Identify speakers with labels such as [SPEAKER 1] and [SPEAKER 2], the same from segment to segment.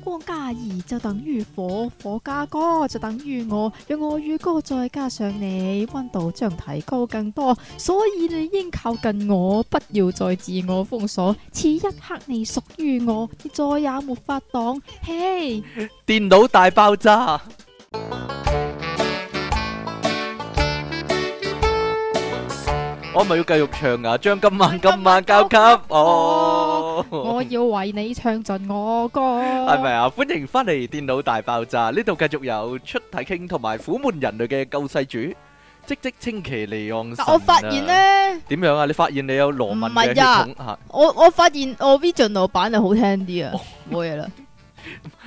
[SPEAKER 1] 光加二就等於火，火加歌就等於我，讓我與歌再加上你，温度將提高更多，所以你應靠近我，不要再自我封鎖，此一刻你屬於我，你再也沒法擋，嘿、hey!，
[SPEAKER 2] 電腦大爆炸， 我咪要繼續唱啊，將今晚今晚交給我。我
[SPEAKER 1] 要為你唱盡我歌，係咪
[SPEAKER 2] 啊？歡迎翻嚟《電腦大爆炸》，呢度繼續有出體 King 同埋苦悶人類嘅救世主，積積淇離岸神。但我發現呢，點樣啊？你發現你有羅文嘅血統？唔係啊。
[SPEAKER 1] 我我發現我 Vision 老闆係好聽啲啊，冇嘢啦。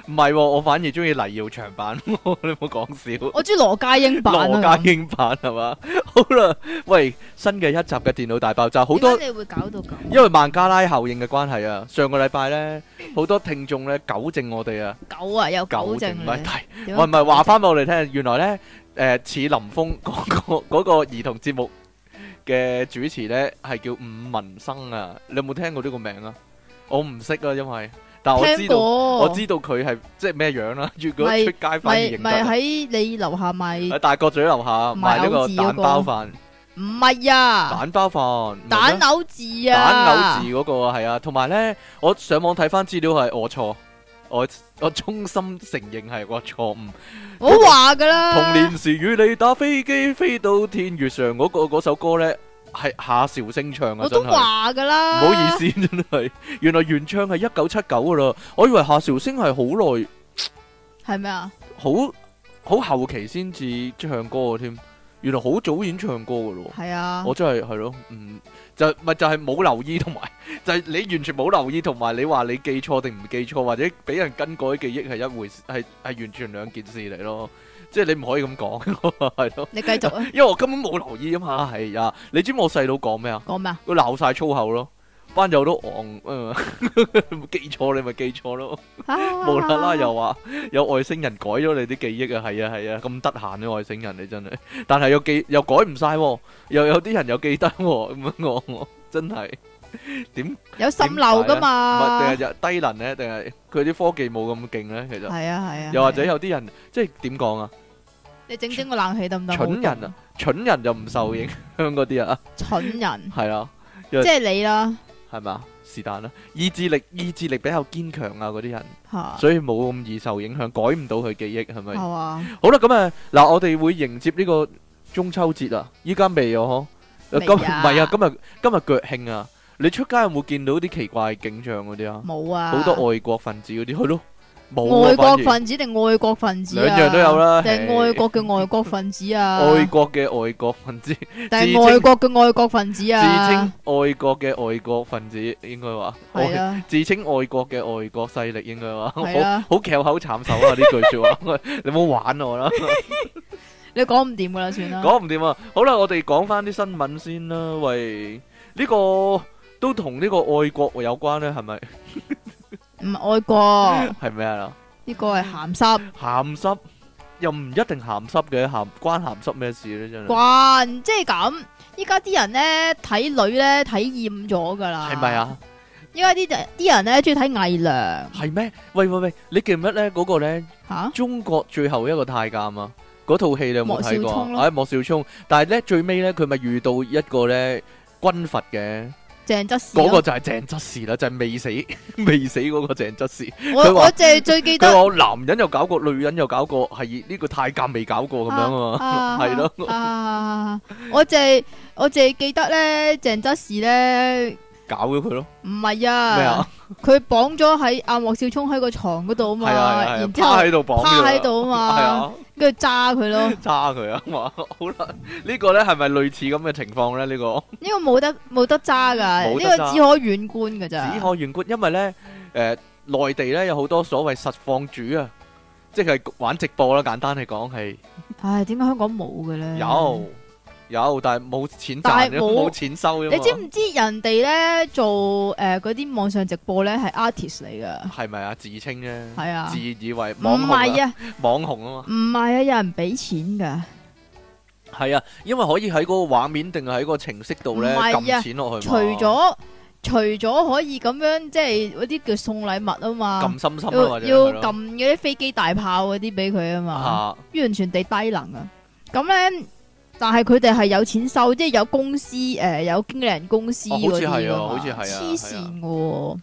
[SPEAKER 2] 唔係，我反而中意黎耀祥版，你冇講笑。我中意羅
[SPEAKER 1] 家英版啊。羅家
[SPEAKER 2] 英版係嘛？好啦，喂，新嘅一集嘅電腦大爆炸，好多你
[SPEAKER 1] 會搞到咁。
[SPEAKER 2] 因為孟加拉效應嘅關係啊，上個禮拜咧，好多聽眾咧糾正我哋
[SPEAKER 1] 啊。糾正唔係，
[SPEAKER 2] 唔係話翻俾我哋聽，原來咧，誒似林峯講個嗰個兒童節目嘅主持咧，係叫伍文生啊。你有冇聽過呢個名啊？我唔識啊，因為。但我知道過我知道佢係即係咩樣啦，如果是出街反而唔得。喺
[SPEAKER 1] 以你樓下
[SPEAKER 2] 賣？喺大角咀樓下賣呢個蛋包飯。
[SPEAKER 1] 唔係啊，
[SPEAKER 2] 蛋包飯、那個。蛋偶字啊，蛋偶字嗰個係啊，同埋咧，我上網睇翻資料係我錯，我錯我，我衷心承認係我錯誤。我話噶啦， 童年時與你打飛機，飛到天月上嗰，那個嗰首歌咧。係夏韶聲唱嘅，我都話
[SPEAKER 1] 噶啦。唔好意
[SPEAKER 2] 思，真係，原來原唱係一九七九噶啦。我以為夏韶聲係好耐，
[SPEAKER 1] 係咩啊？
[SPEAKER 2] 好好後期先至唱歌嘅添，原來好早已經唱歌嘅咯。係啊，我真係係咯，嗯，就咪就係冇留意，同埋就係你完全冇留意，同埋你話你記錯定唔記錯，或者俾人更改記憶係一回事，係係完全兩件事嚟咯。即係你唔可以咁講，係咯？你繼續啊！因為我根本冇留意啊嘛。係啊，你知冇我細佬講咩啊？講咩啊？佢鬧晒粗口咯，班友都戇，記錯你咪記錯咯。
[SPEAKER 1] 冇啦啦又話
[SPEAKER 2] 有外星人改咗你啲記憶啊！係啊係啊，咁得閒嘅外星人你真係，但係又記又改唔晒，又有啲人又記得咁樣，我我真係點有滲漏噶嘛？定係低能咧？定係佢啲科技冇咁勁咧？其實係啊係啊，又或者有啲人即係點講啊？
[SPEAKER 1] 你整整個冷氣得唔得？蠢人啊，
[SPEAKER 2] 蠢人就唔受影響嗰啲人啊。蠢人係咯，即係你啦，係咪啊？是但啦，意志力意志力比較堅強啊，嗰啲人,所以冇咁易受影響,改唔到佢記憶，係咪？係啊。好啦，咁啊，嗱，我哋會迎接呢個中秋節啊，依家未有啊？嗬？
[SPEAKER 1] 今唔係啊？今
[SPEAKER 2] 日今日腳慶啊？你出街有冇見到啲奇怪景象嗰啲啊？冇啊。好多外國分子嗰啲，去咯。外國分子
[SPEAKER 1] 定外國分子啊？兩樣都有啦。定外國嘅外國分子啊？外
[SPEAKER 2] 國嘅外國分子，但係外國嘅外國分子啊？自稱外國嘅外國分子應該話自稱外國嘅外國勢力應該話好，好嚼口慘手啊！呢句說話，你冇玩我啦！
[SPEAKER 1] 你講唔掂噶啦，算啦。講
[SPEAKER 2] 唔掂啊！好啦，我哋講翻啲新聞先啦。喂，呢個都同呢個愛國有關咧，係咪？唔愛國係咩啦？
[SPEAKER 1] 呢個係咸濕，
[SPEAKER 2] 咸濕又唔一定咸濕嘅咸，關咸濕咩事咧？真係
[SPEAKER 1] 關，即係咁，依家啲人咧，睇女咧睇厭咗噶啦，係咪啊？依家啲人啲人咧中意睇偽娘係
[SPEAKER 2] 咩？喂喂喂，你記唔得咧？嗰個咧吓，中國最後一個太監啊！嗰套戲你有冇睇過？哎，莫少聰，但係咧最尾咧佢咪遇到一個咧軍閥嘅。
[SPEAKER 1] 鄭則，嗰個就係鄭則
[SPEAKER 2] 士啦，就係、是、未死未死嗰個鄭則士，我我淨係最記得佢話男人又搞過，女人又搞過，係呢個太監未搞過咁樣啊，係咯。
[SPEAKER 1] 我淨係我淨係記得咧，鄭則士咧。
[SPEAKER 2] 搞咗佢咯，唔係啊，
[SPEAKER 1] 佢綁咗喺阿莫少聰喺個床嗰度啊嘛， 啊啊啊然之後趴喺度綁，趴喺度啊嘛，跟住揸佢咯，
[SPEAKER 2] 揸佢啊嘛， 好啦，呢個、呢個咧係咪類似咁嘅情況咧？呢、呢個
[SPEAKER 1] 呢個冇得冇得揸噶，呢個只可遠觀噶咋，只可
[SPEAKER 2] 遠觀，因為咧誒、呃、內地咧有好多所謂實況主啊，即係玩直播啦、啊，簡單嚟講係，
[SPEAKER 1] 唉，點解香港冇嘅咧？有。
[SPEAKER 2] 有，但係冇錢賺，冇沒錢收，你知唔
[SPEAKER 1] 知人哋咧做誒嗰啲網上直播咧係 artist 嚟噶？
[SPEAKER 2] 係咪啊？自稱咧，係是啊，自以為網紅啊，網紅是啊網
[SPEAKER 1] 紅嘛，唔係啊，有人俾錢噶，
[SPEAKER 2] 係啊，因為可以喺嗰個畫面定喺個程式度咧撳錢落去除，除咗
[SPEAKER 1] 除咗可以咁樣即係嗰啲叫送禮物啊嘛，撳心心啊嘛，要撳嗰啲飛機大炮嗰啲俾佢啊嘛，是啊完全地低能啊！咁咧。但係佢哋係有錢收，即係有公司誒、呃，有經紀人公司、哦、好似係啊，黐線嘅。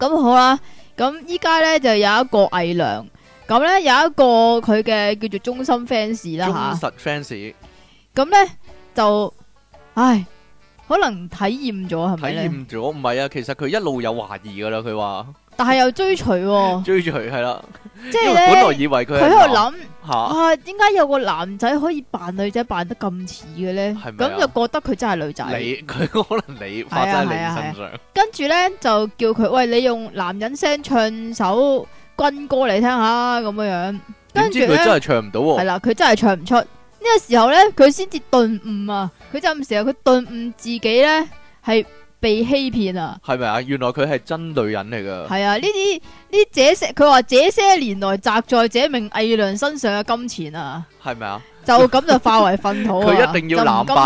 [SPEAKER 1] 咁好啦、啊，咁依家咧就有一個偽娘，咁咧有一個佢嘅叫做忠心 fans
[SPEAKER 2] 啦、啊、吓，忠實 fans。
[SPEAKER 1] 咁咧就，唉，可能睇厭咗係咪咧？厭
[SPEAKER 2] 咗唔係啊，其實佢一路有懷疑噶啦，佢話。
[SPEAKER 1] 但係又追隨、啊，
[SPEAKER 2] 追住佢係啦，即係本來以為佢喺度諗，啊，
[SPEAKER 1] 點解有個男仔可以扮女仔扮得咁似嘅咧？咁、啊、就覺得佢真係女仔，
[SPEAKER 2] 佢可能你真在你身上。
[SPEAKER 1] 跟住咧就叫佢喂，你用男人聲唱首軍歌嚟聽下咁樣樣。跟住佢真係唱唔到、啊，係啦，佢、啊、真係唱唔出。呢、這個時候咧，佢先至頓悟啊！佢就唔時候佢頓悟自己咧係。被欺騙啊！
[SPEAKER 2] 係咪啊？原來佢係真女人嚟㗎。係
[SPEAKER 1] 啊，呢啲呢這些佢話這些年來砸在這名偽娘身上嘅金錢啊，
[SPEAKER 2] 係咪啊？就
[SPEAKER 1] 咁就化為糞土啊！佢一定要男扮，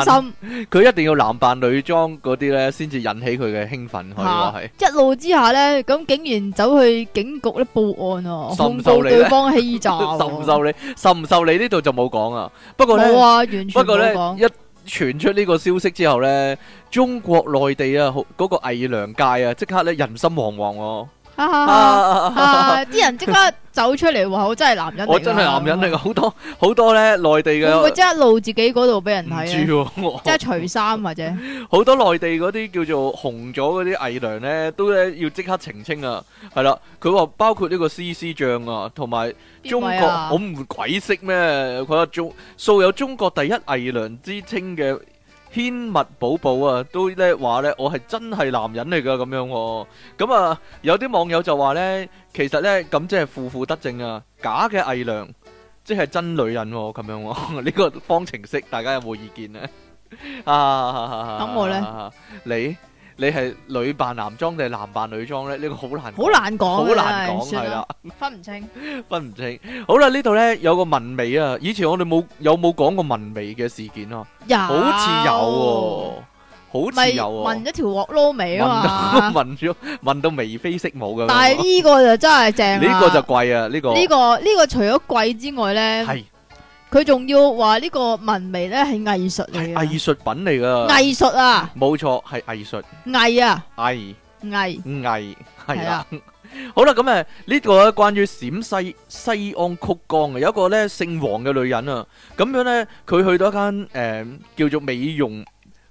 [SPEAKER 2] 佢一定要男扮女裝嗰啲咧，先至引起佢嘅興奮。係啊，係。一
[SPEAKER 1] 怒之下咧，咁竟然走去警局咧報案啊，控訴對方欺詐。受唔
[SPEAKER 2] 受理？受唔受理呢度就冇講啊。不過咧，不過咧一。傳出呢個消息之後呢，中國內地啊，嗰、那個藝良界啊，即刻咧人心惶惶。
[SPEAKER 1] 啲人即刻走出嚟話，我真係男人嚟，我真係男
[SPEAKER 2] 人嚟噶，好以多好多咧內地嘅，佢真
[SPEAKER 1] 係露自己嗰度俾人睇啊，即係除衫或者
[SPEAKER 2] 好多內地嗰啲叫做紅咗嗰啲偽娘咧，都咧要即刻澄清啊，係 啦，佢話包括呢個 C C 醬啊，同埋中國，啊、我唔鬼識咩，佢話中素有中國第一偽娘之稱嘅。天物寶寶啊，都咧話咧，我係真係男人嚟噶咁樣，咁啊有啲網友就話咧，其實咧咁即係負負得正啊，假嘅偽娘，即係真女人咁樣，呢個方程式大家有冇意見咧？啊，咁我咧，你？你係女扮男裝定係男扮女裝咧？呢個好難，好難講，好難講係啦，分唔清， 分唔清。好啦，呢度咧有個紋眉啊！以前我哋冇有冇講過紋眉嘅事件啊？有，好似有，好似有。啊。紋
[SPEAKER 1] 咗條臥擼眉啊嘛，都
[SPEAKER 2] 紋住紋到眉飛色舞噶，啊。但係呢
[SPEAKER 1] 個就真係正，啊，呢 個就
[SPEAKER 2] 貴啊！呢個呢個
[SPEAKER 1] 呢個除咗貴之外咧。佢仲要話呢個紋眉咧係藝術嚟，係藝
[SPEAKER 2] 術品嚟噶藝術啊，冇錯係藝術，藝
[SPEAKER 1] 啊，藝，藝，
[SPEAKER 2] 藝，係啊。好啦，咁誒呢個關於陝西西安曲江有一個咧姓王嘅女人啊，咁樣咧佢去到一間誒叫做美容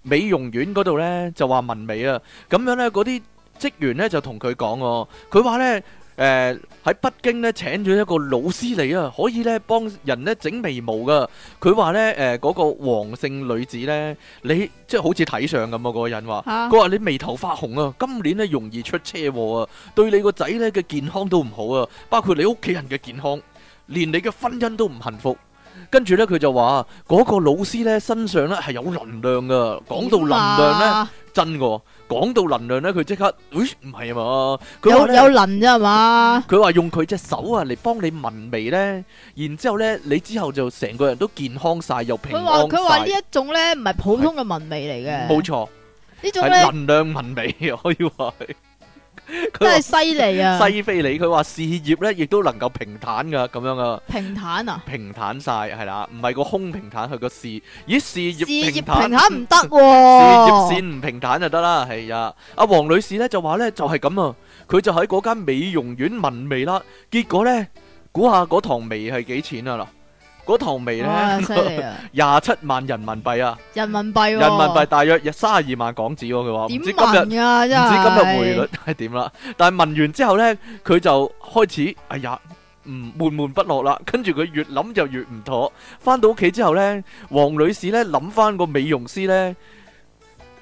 [SPEAKER 2] 美容院嗰度咧就話紋眉啊，咁樣咧嗰啲職員咧就同佢講，佢話咧。誒，喺、呃、北京咧，請咗一個老師嚟啊，可以咧幫人咧整眉毛噶。佢話咧，誒、呃，嗰、那個黃姓女子咧，你即係好似睇相咁、那個、啊，嗰個人話，佢話你眉頭發紅啊，今年咧容易出車禍啊，對你個仔咧嘅健康都唔好啊，包括你屋企人嘅健康，連你嘅婚姻都唔幸福。跟住咧，佢就話嗰、嗰個老師咧身上咧係有能量噶，講到能量咧、啊、真噶、哦，講到能量咧佢即刻，咦唔係啊嘛？有呢有能啫嘛？佢話用佢隻手啊嚟幫你聞味咧，然之後咧你之後就成個人都健康晒又平安，佢話佢話呢一
[SPEAKER 1] 種咧唔係普通嘅聞味嚟嘅，冇錯呢種咧能
[SPEAKER 2] 量聞味，可以話。真係犀利啊！西非你，佢話事業咧亦都能夠平坦噶，咁樣啊！平坦啊！平坦晒係啦，唔係個胸平坦，佢個事，咦事業事業平坦唔得喎！事業，啊、 事業線唔平坦就得啦，係呀。阿、啊、黃女士咧就話咧就係、是、咁啊，佢就喺嗰間美容院紋眉啦，結果咧估下嗰堂眉係幾錢啊啦？嗰頭尾咧，廿七萬人民幣啊，
[SPEAKER 1] 人民幣，人民幣
[SPEAKER 2] 大約三十二萬港紙，佢話，唔知今日啊，唔知今日匯率係點啦。但係問完之後咧，佢就開始，哎呀，唔悶悶不樂啦。跟住佢越諗就越唔妥。翻到屋企之後咧，黃女士咧諗翻個美容師咧。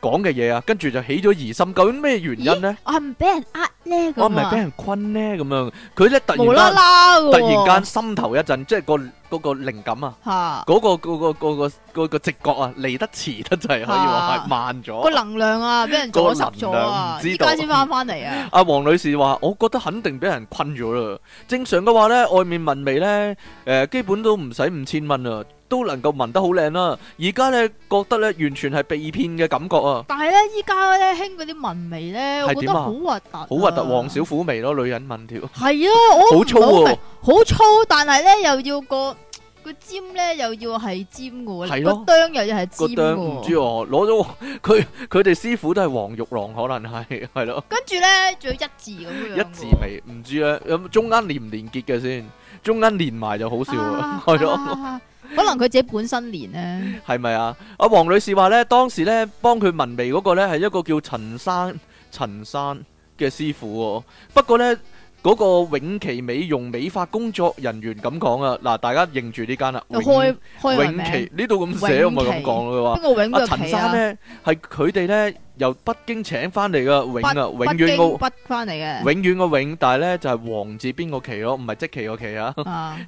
[SPEAKER 2] 講嘅嘢啊，跟住就起咗疑心，究竟咩原因咧？我係唔俾人呃咧，我唔係俾人困咧，咁樣佢咧突然啦，突然間心頭一陣，即係個嗰個靈感啊，嗰個嗰個嗰個嗰個直覺啊嚟得遲得就係可以話係慢咗。個能
[SPEAKER 1] 量啊俾人阻塞咗啊，而家先翻翻嚟啊！
[SPEAKER 2] 阿黃女士話：我覺得肯定俾人困咗啦。正常嘅話咧，外面聞味咧，誒，基本都唔使五千蚊啊。都能夠紋得好靚啦！而家咧覺得咧完全係被騙嘅感覺啊！
[SPEAKER 1] 但係咧依家咧興嗰啲紋眉咧，啊、我覺得、啊、好核突，好核突！黃小
[SPEAKER 2] 虎眉咯，女人紋條係
[SPEAKER 1] 啊！ 好粗老、啊、好粗，但係咧又要個個尖咧又要係尖嘅，係咯、啊，個又要係尖嘅，唔知哦，
[SPEAKER 2] 攞咗佢佢哋師傅都係黃玉郎，可能係係咯。啊、
[SPEAKER 1] 跟住咧仲有一字咁樣， 一字
[SPEAKER 2] 眉唔知咧，咁中間連唔連結嘅先，中間連埋就好笑啊，係咯。
[SPEAKER 1] 可能佢自己本身年咧，
[SPEAKER 2] 係咪 啊？阿、啊、黃女士話咧，當時咧幫佢紋眉嗰個咧係一個叫陳生陳生嘅師傅、哦。不過咧嗰、那個永琪美容美髮工作人員咁講啊，嗱，大家認住呢間啦，永開
[SPEAKER 1] 開永琪呢度咁寫，我咪咁講咯。
[SPEAKER 2] 話阿陳生咧係佢哋咧。由北京請翻嚟嘅永啊，永遠北翻嚟
[SPEAKER 1] 嘅，永
[SPEAKER 2] 遠個永，永，但係咧就係、是、王字邊個琪咯，唔係積淇個淇啊。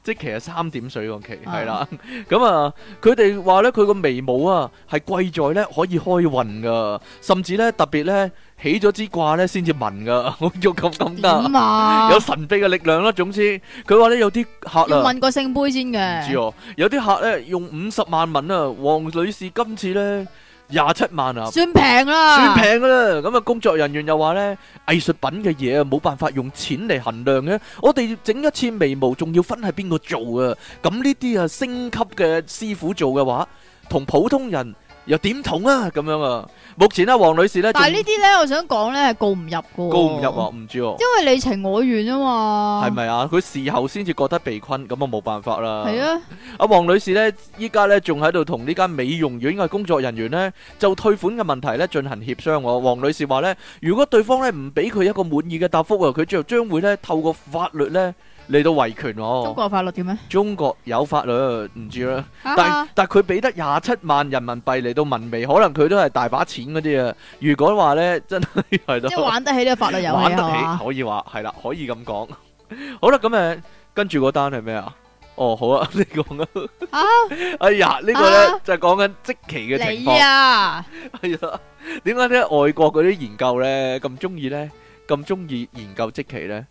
[SPEAKER 2] 積淇係三點水個淇，係啦。咁啊，佢哋話咧，佢、嗯、個眉毛啊，係貴在咧可以開運噶，甚至咧特別咧起咗支卦咧先至問噶，喐咁咁得。有神秘嘅力量咯、啊。總之，佢話咧有啲客啊，要問
[SPEAKER 1] 個聖杯先嘅。
[SPEAKER 2] 有啲客咧用五十萬蚊啊，王女士今次咧。廿七萬啊，算平啦，算平噶啦。咁啊，工作人員又話咧，藝術品嘅嘢啊，冇辦法用錢嚟衡量嘅。我哋整一次眉毛，仲要分係邊個做啊？咁呢啲啊，升級嘅師傅做嘅話，同普通人。又點同啊？咁樣啊！目前呢、啊，黃女士呢，但係呢啲
[SPEAKER 1] 呢，還我想講呢，告唔入嘅，告唔入
[SPEAKER 2] 啊，唔知哦、啊，因
[SPEAKER 1] 為你情我願啊嘛，係
[SPEAKER 2] 咪啊？佢事後先至覺得被困，咁啊冇辦法啦。係啊，阿、啊、黃女士呢，依家呢，仲喺度同呢間美容院嘅工作人員呢，就退款嘅問題呢，進行協商、啊。黃女士話呢，如果對方呢，唔俾佢一個滿意嘅答覆啊，佢就將會咧透過法律呢。嚟到維權喎、哦、中國法律點咩？中國有法律唔知啦、啊，但但佢俾得廿七萬人民幣嚟到文眉，可能佢都係大把錢嗰啲啊。如果話咧，真係係玩得起呢個法律遊戲，玩得起、啊、可以話係啦，可以咁講。 好啦，咁、嗯、啊，跟住嗰單係咩啊？哦，好啊，你講啊。哎呀，呢個、呢個咧、啊、就係講緊積淇嘅情況你啊。哎呀！點解咧外國嗰啲研究咧咁中意咧咁中意研究積淇咧？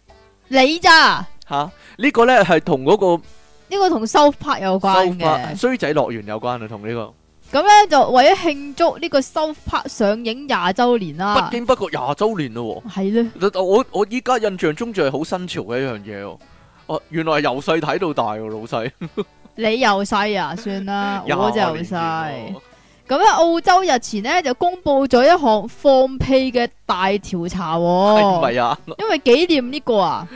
[SPEAKER 1] 你咋？
[SPEAKER 2] 吓，呢個咧係同嗰個
[SPEAKER 1] 呢、那個同 South Park 有關嘅，South Park，衰
[SPEAKER 2] 仔樂園有關啊，同、這個、呢個
[SPEAKER 1] 咁咧就為咗慶祝呢個 South Park 上映廿周年啦，不
[SPEAKER 2] 經不覺廿周年咯、哦，係咧了，我我依家印象中就係好新潮嘅一樣嘢哦，原來係由細睇到大喎、啊，老細，
[SPEAKER 1] 你由細啊，算啦， 20 我由細。咁喺澳洲日前咧就公布咗一項放屁嘅大調查，哦，係咪啊？因為紀念呢個啊，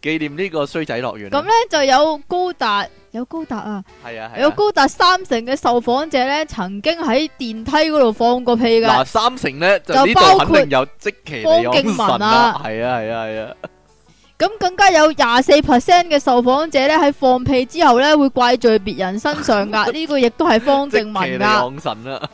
[SPEAKER 2] 紀 念個呢個衰仔樂園。咁
[SPEAKER 1] 咧就有高達，有高達啊，係啊，啊有高達三成嘅受訪者咧，曾經喺電梯嗰度放過屁噶。嗱、啊，三成咧就，就包括有
[SPEAKER 2] 積淇、啊，積淇方敬文啦，係啊，係啊，係啊。
[SPEAKER 1] 咁更加有廿四 percent 嘅受訪者咧喺放屁之後咧會怪罪別人身上噶，呢 個亦都係方靖文噶。即係
[SPEAKER 2] 神啦！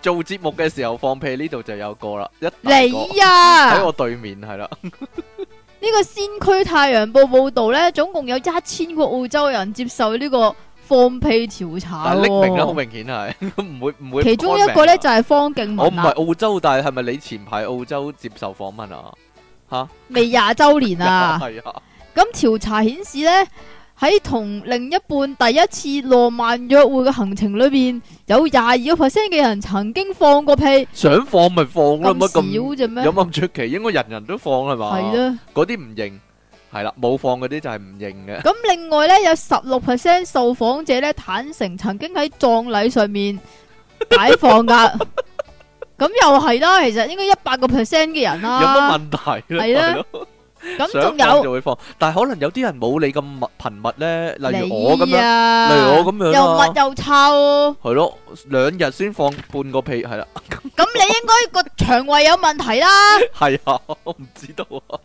[SPEAKER 2] 做節目嘅時候放屁呢度就有個啦，一,一你啊喺 我對面係啦。
[SPEAKER 1] 呢 個先驅太陽報報道咧，總共有一千個澳洲人接受呢個放屁調查。匿名啦，好
[SPEAKER 2] 明顯係唔會唔會。不會不其中一個咧就係、是、方靖文。我唔係澳洲，但係係咪你前排澳洲接受訪問啊？未廿周年啊！
[SPEAKER 1] 咁調查顯示咧，喺同另一半第一次浪漫約會嘅行程裏邊，有廿二個 percent 嘅人曾經放過屁，
[SPEAKER 2] 想放咪放咯，乜咁少啫咩？有冇咁出奇？應該人人都放係嘛？係啦，嗰啲唔認係啦，冇放嗰啲就係唔認嘅。咁
[SPEAKER 1] 另外咧，有十六 percent 受訪者咧坦承曾經喺葬禮上面解放㗎。咁又係啦，其實應該一百個 percent 嘅人啦。有乜問
[SPEAKER 2] 題？係咧，咁仲有就會放，但係可能有啲人冇你咁密頻密咧，例如我咁樣，例如我咁樣，又密又
[SPEAKER 1] 臭。
[SPEAKER 2] 係咯，兩日先放半個屁，係啦。
[SPEAKER 1] 咁你應該個腸胃有問題啦。
[SPEAKER 2] 係啊，我唔知道啊。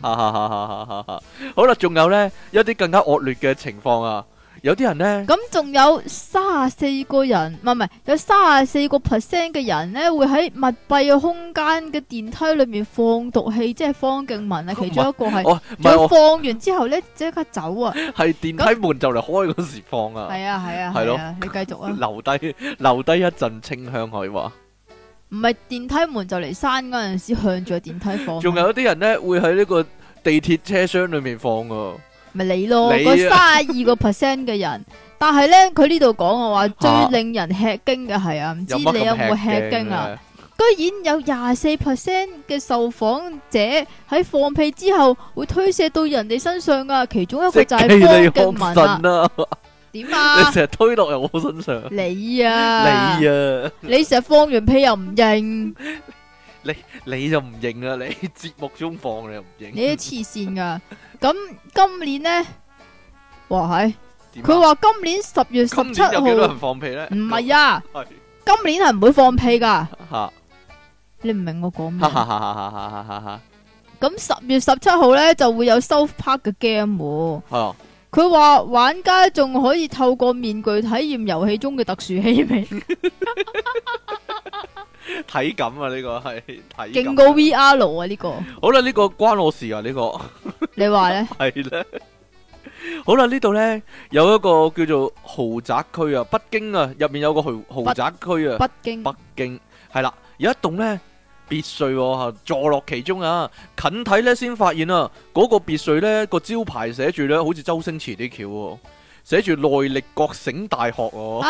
[SPEAKER 2] 哈哈哈哈哈哈哈！好啦，仲有咧一啲更加惡劣嘅情況啊。有啲人呢，咁
[SPEAKER 1] 仲、嗯、有卅四個人，唔係唔係，有卅四個 percent 嘅人呢，會喺密閉嘅空間嘅電梯裏面放毒氣，即係方敬文啊，哦、其中一個係，佢、哦、放完之後呢，即刻、哦、走啊，
[SPEAKER 2] 係電梯門就嚟 開嗰時，啊 開時放啊，係啊
[SPEAKER 1] 係啊，係咯，你繼續啊，
[SPEAKER 2] 留低留低一陣清香可以話，
[SPEAKER 1] 唔係電梯門就嚟閂嗰陣時向住個電梯放，
[SPEAKER 2] 仲有啲人呢，會喺呢個地鐵車廂裏面放啊。
[SPEAKER 1] 咪你咯，三十二個 percent 嘅人， 但係咧佢呢度講嘅話、啊、最令人吃驚嘅係啊，唔知你有冇吃驚啊？居然有廿四 percent 嘅受訪者喺放屁之後會推卸到人哋身上㗎！其中一個就係方嘅文
[SPEAKER 2] 啊，點 啊？你成日推落嚟我身上，你啊， 你啊，你
[SPEAKER 1] 成日放完屁又唔認，
[SPEAKER 2] 你你就唔認啊！你節目中放你又唔認，你黐
[SPEAKER 1] 線噶！咁今年呢？哇係，佢話、啊、今年十月十七號，有幾多人放屁咧？唔係啊，是今年係唔會放屁噶。吓哈，你唔明我講咩？咁十月十七號呢，就會有 South Park 嘅 game 喎。佢話、哦、玩家仲可以透過面具體驗遊戲中嘅特殊氣味。
[SPEAKER 2] 睇緊啊，呢、這個係睇勁過 VR
[SPEAKER 1] 啊，呢 個
[SPEAKER 2] 好啦，呢、這個關我事啊，這個、呢個你話咧係咧， 好啦，呢度咧有一個叫做豪宅區啊，北京啊，入面有個豪豪宅區啊北，北京，北京係啦，有一棟咧別墅喎、啊，坐落其中啊，近睇咧先發現啊，嗰、那個別墅咧個招牌寫住咧，好似周星馳啲橋。寫住內力覺醒大學哦！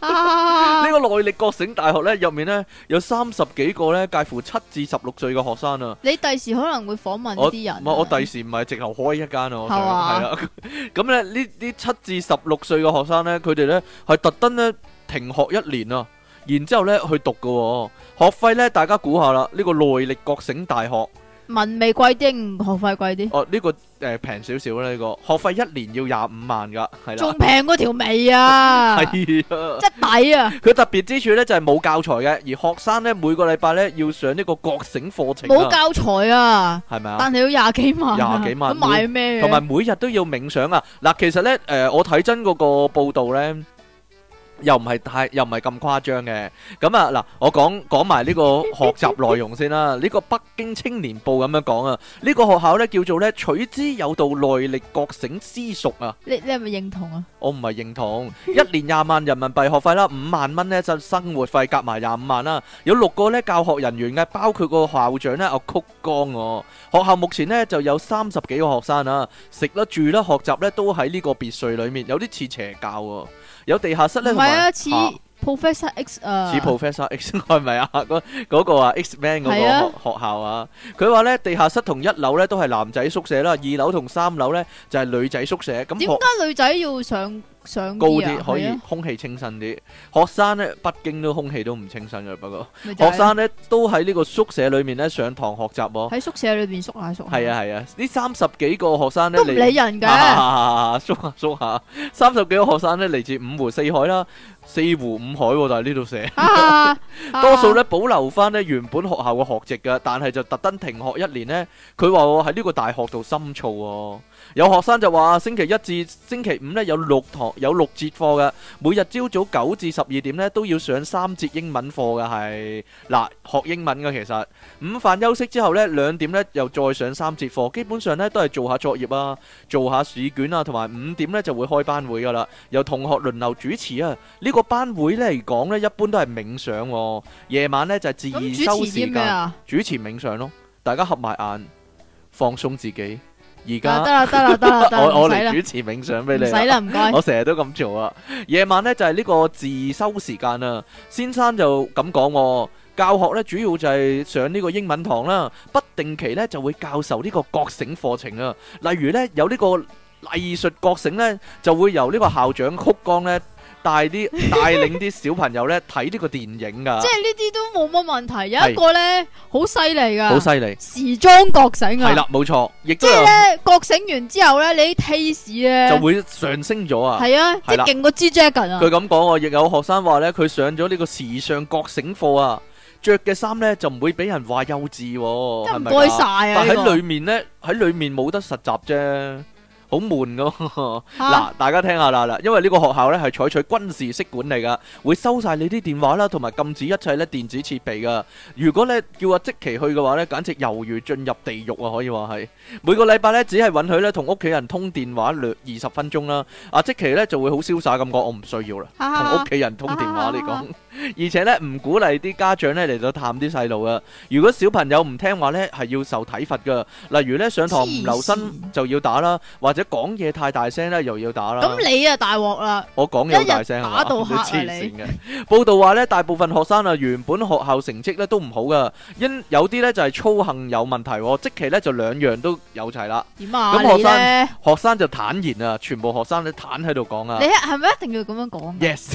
[SPEAKER 1] 呢
[SPEAKER 2] 個內力覺醒大學咧入面呢，有三十幾個咧介乎七至十六歲嘅學生啊！
[SPEAKER 1] 你第時可能會訪問啲人、啊。唔係，我
[SPEAKER 2] 第時唔係直頭開一間啊！我想，係啊，咁咧呢呢七至十六歲嘅學生呢，佢哋呢係特登咧停學一年啊，然之後咧去讀嘅、啊，學費呢，大家估下啦，呢個內力覺醒大學。
[SPEAKER 1] 文味貴啲，學費貴啲。哦、
[SPEAKER 2] 啊，呢、這個誒平少少啦，呢、呃、個學費一年要廿五萬噶，係啦。仲平
[SPEAKER 1] 過條尾啊！係，
[SPEAKER 2] 真係抵啊！佢、啊、特別之處咧就係、是、冇教材嘅，而學生咧每個禮拜咧要上呢個覺醒課程、啊。冇教
[SPEAKER 1] 材啊，係咪吧啊？但係要廿幾萬。廿幾
[SPEAKER 2] 萬。買咩？同埋每日都要冥想啊！嗱、啊，其實咧，誒、呃，我睇真嗰個報道咧。又唔係太，又唔係咁誇張嘅。咁啊，嗱，我講講埋呢個學習內容先啦。呢 個《北京青年報》咁樣講啊，呢、這個學校呢叫做咧取之有道，內力覺醒私塾啊。
[SPEAKER 1] 你你係咪認同啊？
[SPEAKER 2] 我唔係認同， 一年廿萬人民幣學費啦，五萬蚊呢，就生活費夾埋廿五萬啦、啊。有六個呢教學人員嘅，包括個校長呢、啊，阿曲江、啊。我學校目前呢就有三十幾個學生啊，食得、啊、住啦、啊，學習呢、啊、都喺呢個別墅裏面，有啲似邪教、啊。有地下室咧，唔係啊，似
[SPEAKER 1] 有 Professor X，誒似
[SPEAKER 2] Professor X 係咪啊？嗰、啊啊 嗰個啊 Xman 嗰個學、啊、學校啊，佢話咧地下室同一樓咧都係男仔宿舍啦，二樓同三樓咧就係、是、女仔宿舍。咁點
[SPEAKER 1] 解女仔要上？高啲可以，
[SPEAKER 2] 空氣清新啲。學生呢，北京都空氣都唔清新嘅，不過學生呢，都喺呢個宿舍裏面呢上堂學習喎。喺宿舍裏邊
[SPEAKER 1] 縮下縮。
[SPEAKER 2] 係 啊係啊，呢三十幾個學生呢，都唔理人嘅，縮、啊、下縮下，三十幾個學生呢，嚟自五湖四海啦，四湖五海、啊，就係呢度寫，多數呢，保留翻呢原本學校嘅學籍噶，但係就特登停學一年呢，佢話我喺呢個大學度深造、哦。有學生就話：星期一至星期五咧，有六堂有六節課嘅，每日朝早九至十二點咧都要上三節英文課嘅，係嗱學英文嘅其實。午飯休息之後呢，兩點呢又再上三節課，基本上呢都係做下作業啊，做下試卷啊，同埋五點呢就會開班會噶啦，由同學輪流主持啊。呢、呢個班會咧嚟講呢，一般都係冥想、啊，夜晚呢就係、自修時間，主持冥想咯，大家合埋眼放鬆自己。而家得啦得啦得啦，我我嚟主持冥想俾你，唔使啦唔該。我成日都咁做啊。夜晚呢就係呢個自修時間啊。先生就咁講，教學呢主要就係上呢個英文堂啦。不定期呢就會教授呢個覺醒課程啊。例如呢，有呢個藝術覺醒呢，就會由呢個校長曲江呢。帶啲帶領啲小朋友咧睇呢個電影噶，即係
[SPEAKER 1] 呢啲都冇乜問題。有一個咧好犀利噶，好犀利時裝覺醒啊！係啦，
[SPEAKER 2] 冇錯，亦即係咧
[SPEAKER 1] 覺醒完之後咧，你啲 Taste 咧就會
[SPEAKER 2] 上升咗啊！係啊，了即係勁
[SPEAKER 1] 過 G Dragon 啊！佢咁
[SPEAKER 2] 講啊，亦有學生話咧，佢上咗呢個時尚覺醒課啊，着嘅衫咧就唔會俾人話幼稚，真係唔該晒啊！但喺裏面咧，喺裏面冇得實習啫。好悶噶，嗱，大家聽下啦啦，因為呢個學校咧係採取軍事式管理噶，會收晒你啲電話啦，同埋禁止一切咧電子設備噶。如果咧叫阿積淇去嘅話咧，簡直猶如進入地獄啊，可以話係。每個禮拜咧只係允許咧同屋企人通電話兩二十分鐘啦。阿積淇咧就會好瀟灑咁講，我唔需要啦，同屋企人通電話嚟講。而且咧唔鼓勵啲家長咧嚟到探啲細路噶。如果小朋友唔聽話咧，係要受體罰噶。例如咧上堂唔留心就要打啦，或者講嘢太大聲咧又要打啦。咁你
[SPEAKER 1] 啊大鑊啦！
[SPEAKER 2] 我講嘢大聲係嘛？都黐線嘅。報道話咧，大部分學生啊原本學校成績咧都唔好噶，因有啲咧就係操行有問題，即期咧就兩樣都有齊啦。點啊？咁學生學生就坦然啊，全部學生都坦喺度講啊。你
[SPEAKER 1] 係咪一定要咁樣講
[SPEAKER 2] ？Yes，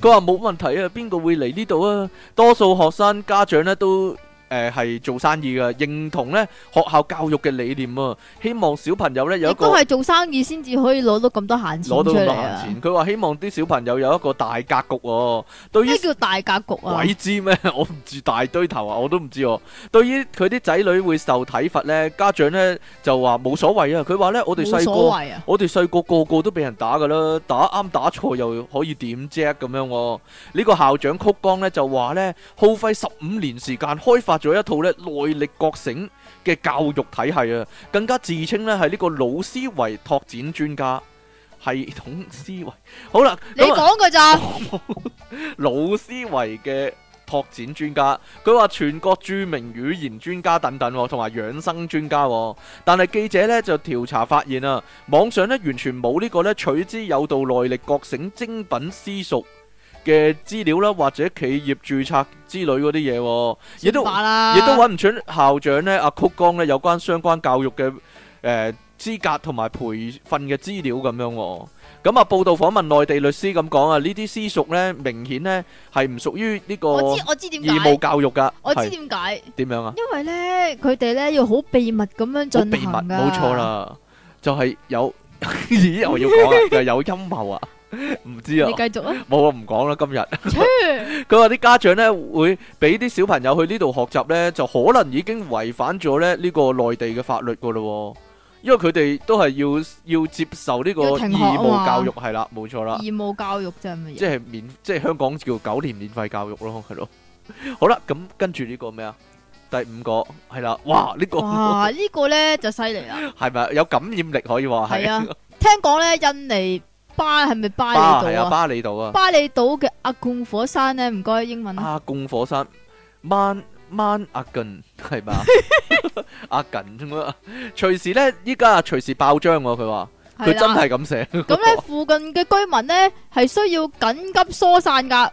[SPEAKER 2] 佢話冇問題啊，邊？會嚟呢度啊，多數學生家長咧都。誒，係、呃、做生意噶認同呢學校教育嘅理念啊，哦，希望小朋友呢，有一個係
[SPEAKER 1] 做生意先至可以攞到咁多閒錢出嚟啊。
[SPEAKER 2] 佢話希望啲小朋友有一個大格局哦。呢啲
[SPEAKER 1] 叫大格局啊。鬼知
[SPEAKER 2] 咩？我唔住大堆頭啊，我都唔知哦，啊。對於佢啲仔女會受體罰呢，家長呢就話冇所謂啊。佢話呢，我哋細個，啊，我哋細個個個都俾人打噶啦，打啱打錯又可以點啫咁樣呢？呢、哦這個校長曲江呢就話呢，耗費十五年時間開發，做一套咧內力覺醒嘅教育體系啊，更加自稱咧係呢個老思維拓展專家，係統思維。好啦，你講佢咋？ 老思維嘅拓展專家，佢話全國著名語言專家等等，同埋養生專家。但係記者咧就調查發現啊，網上咧完全冇呢個咧取之有道內力覺醒精品私塾。嘅資料啦，或者企業注冊之類嗰啲嘢，亦都亦都揾唔出校長呢阿曲江呢有關相關教育嘅誒資格同埋培訓嘅資料咁樣。咁、嗯、啊，報道訪問內地律師咁講啊，屬呢啲私塾呢明顯呢係唔屬於呢個我知義務教育噶，我知點解點樣啊？為因
[SPEAKER 1] 為呢，佢哋呢要好秘密咁樣進行啊，秘密，冇錯
[SPEAKER 2] 啦，就係、是、有 咦？我要講啊，又、就是、有陰謀啊！ 唔知啊，你繼續啊，冇啊，唔講啦，今日。佢話啲家長咧會俾啲小朋友去呢度學習咧，就可能已經違反咗咧呢個內地嘅法律噶啦，因為佢哋都係要要接受呢個義務教育係啦，冇錯啦。
[SPEAKER 1] 義務教育就
[SPEAKER 2] 係乜嘢？即係免，即係香港叫九年免費教育咯，係咯。好啦，咁跟住呢個咩啊？第五個係啦，哇，呢個哇
[SPEAKER 1] 呢個咧就犀利啦，
[SPEAKER 2] 係咪有感染力可以話？係啊，
[SPEAKER 1] 聽講咧印尼。巴係咪巴厘島啊？巴厘島啊！巴厘島嘅阿貢火山咧，唔該英文啊。阿
[SPEAKER 2] 貢火山，man man 阿近，係嘛？阿近，隨時咧，依家隨時爆漿，佢話佢真係咁寫。
[SPEAKER 1] 咁咧，附近嘅居民咧，係需要緊急疏散噶。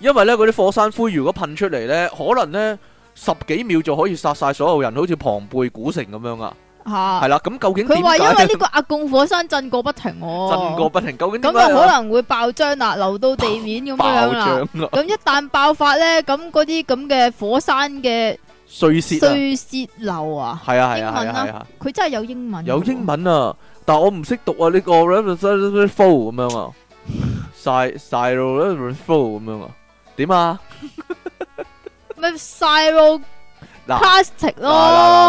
[SPEAKER 2] 因為咧，嗰啲火山灰如果噴出嚟咧，可能咧十幾秒就可以殺晒所有人，好似龐貝古城咁樣啊。吓，係啦，咁究竟佢話，因為呢個
[SPEAKER 1] 阿貢火山震過不停，震過不
[SPEAKER 2] 停，究竟咁就可能
[SPEAKER 1] 會爆漿啦，流到地面咁樣啦。咁一旦爆發咧，咁嗰啲咁嘅火山嘅
[SPEAKER 2] 碎屑碎
[SPEAKER 1] 屑流啊，係啊，
[SPEAKER 2] 英文啦，
[SPEAKER 1] 佢真係有英文，有英
[SPEAKER 2] 文啊，但係我唔識讀啊呢個 cylindrical 咁樣啊，cylindrical 咁樣啊，點啊？
[SPEAKER 1] 咩 cylindrical？嗱，噴蝕咯，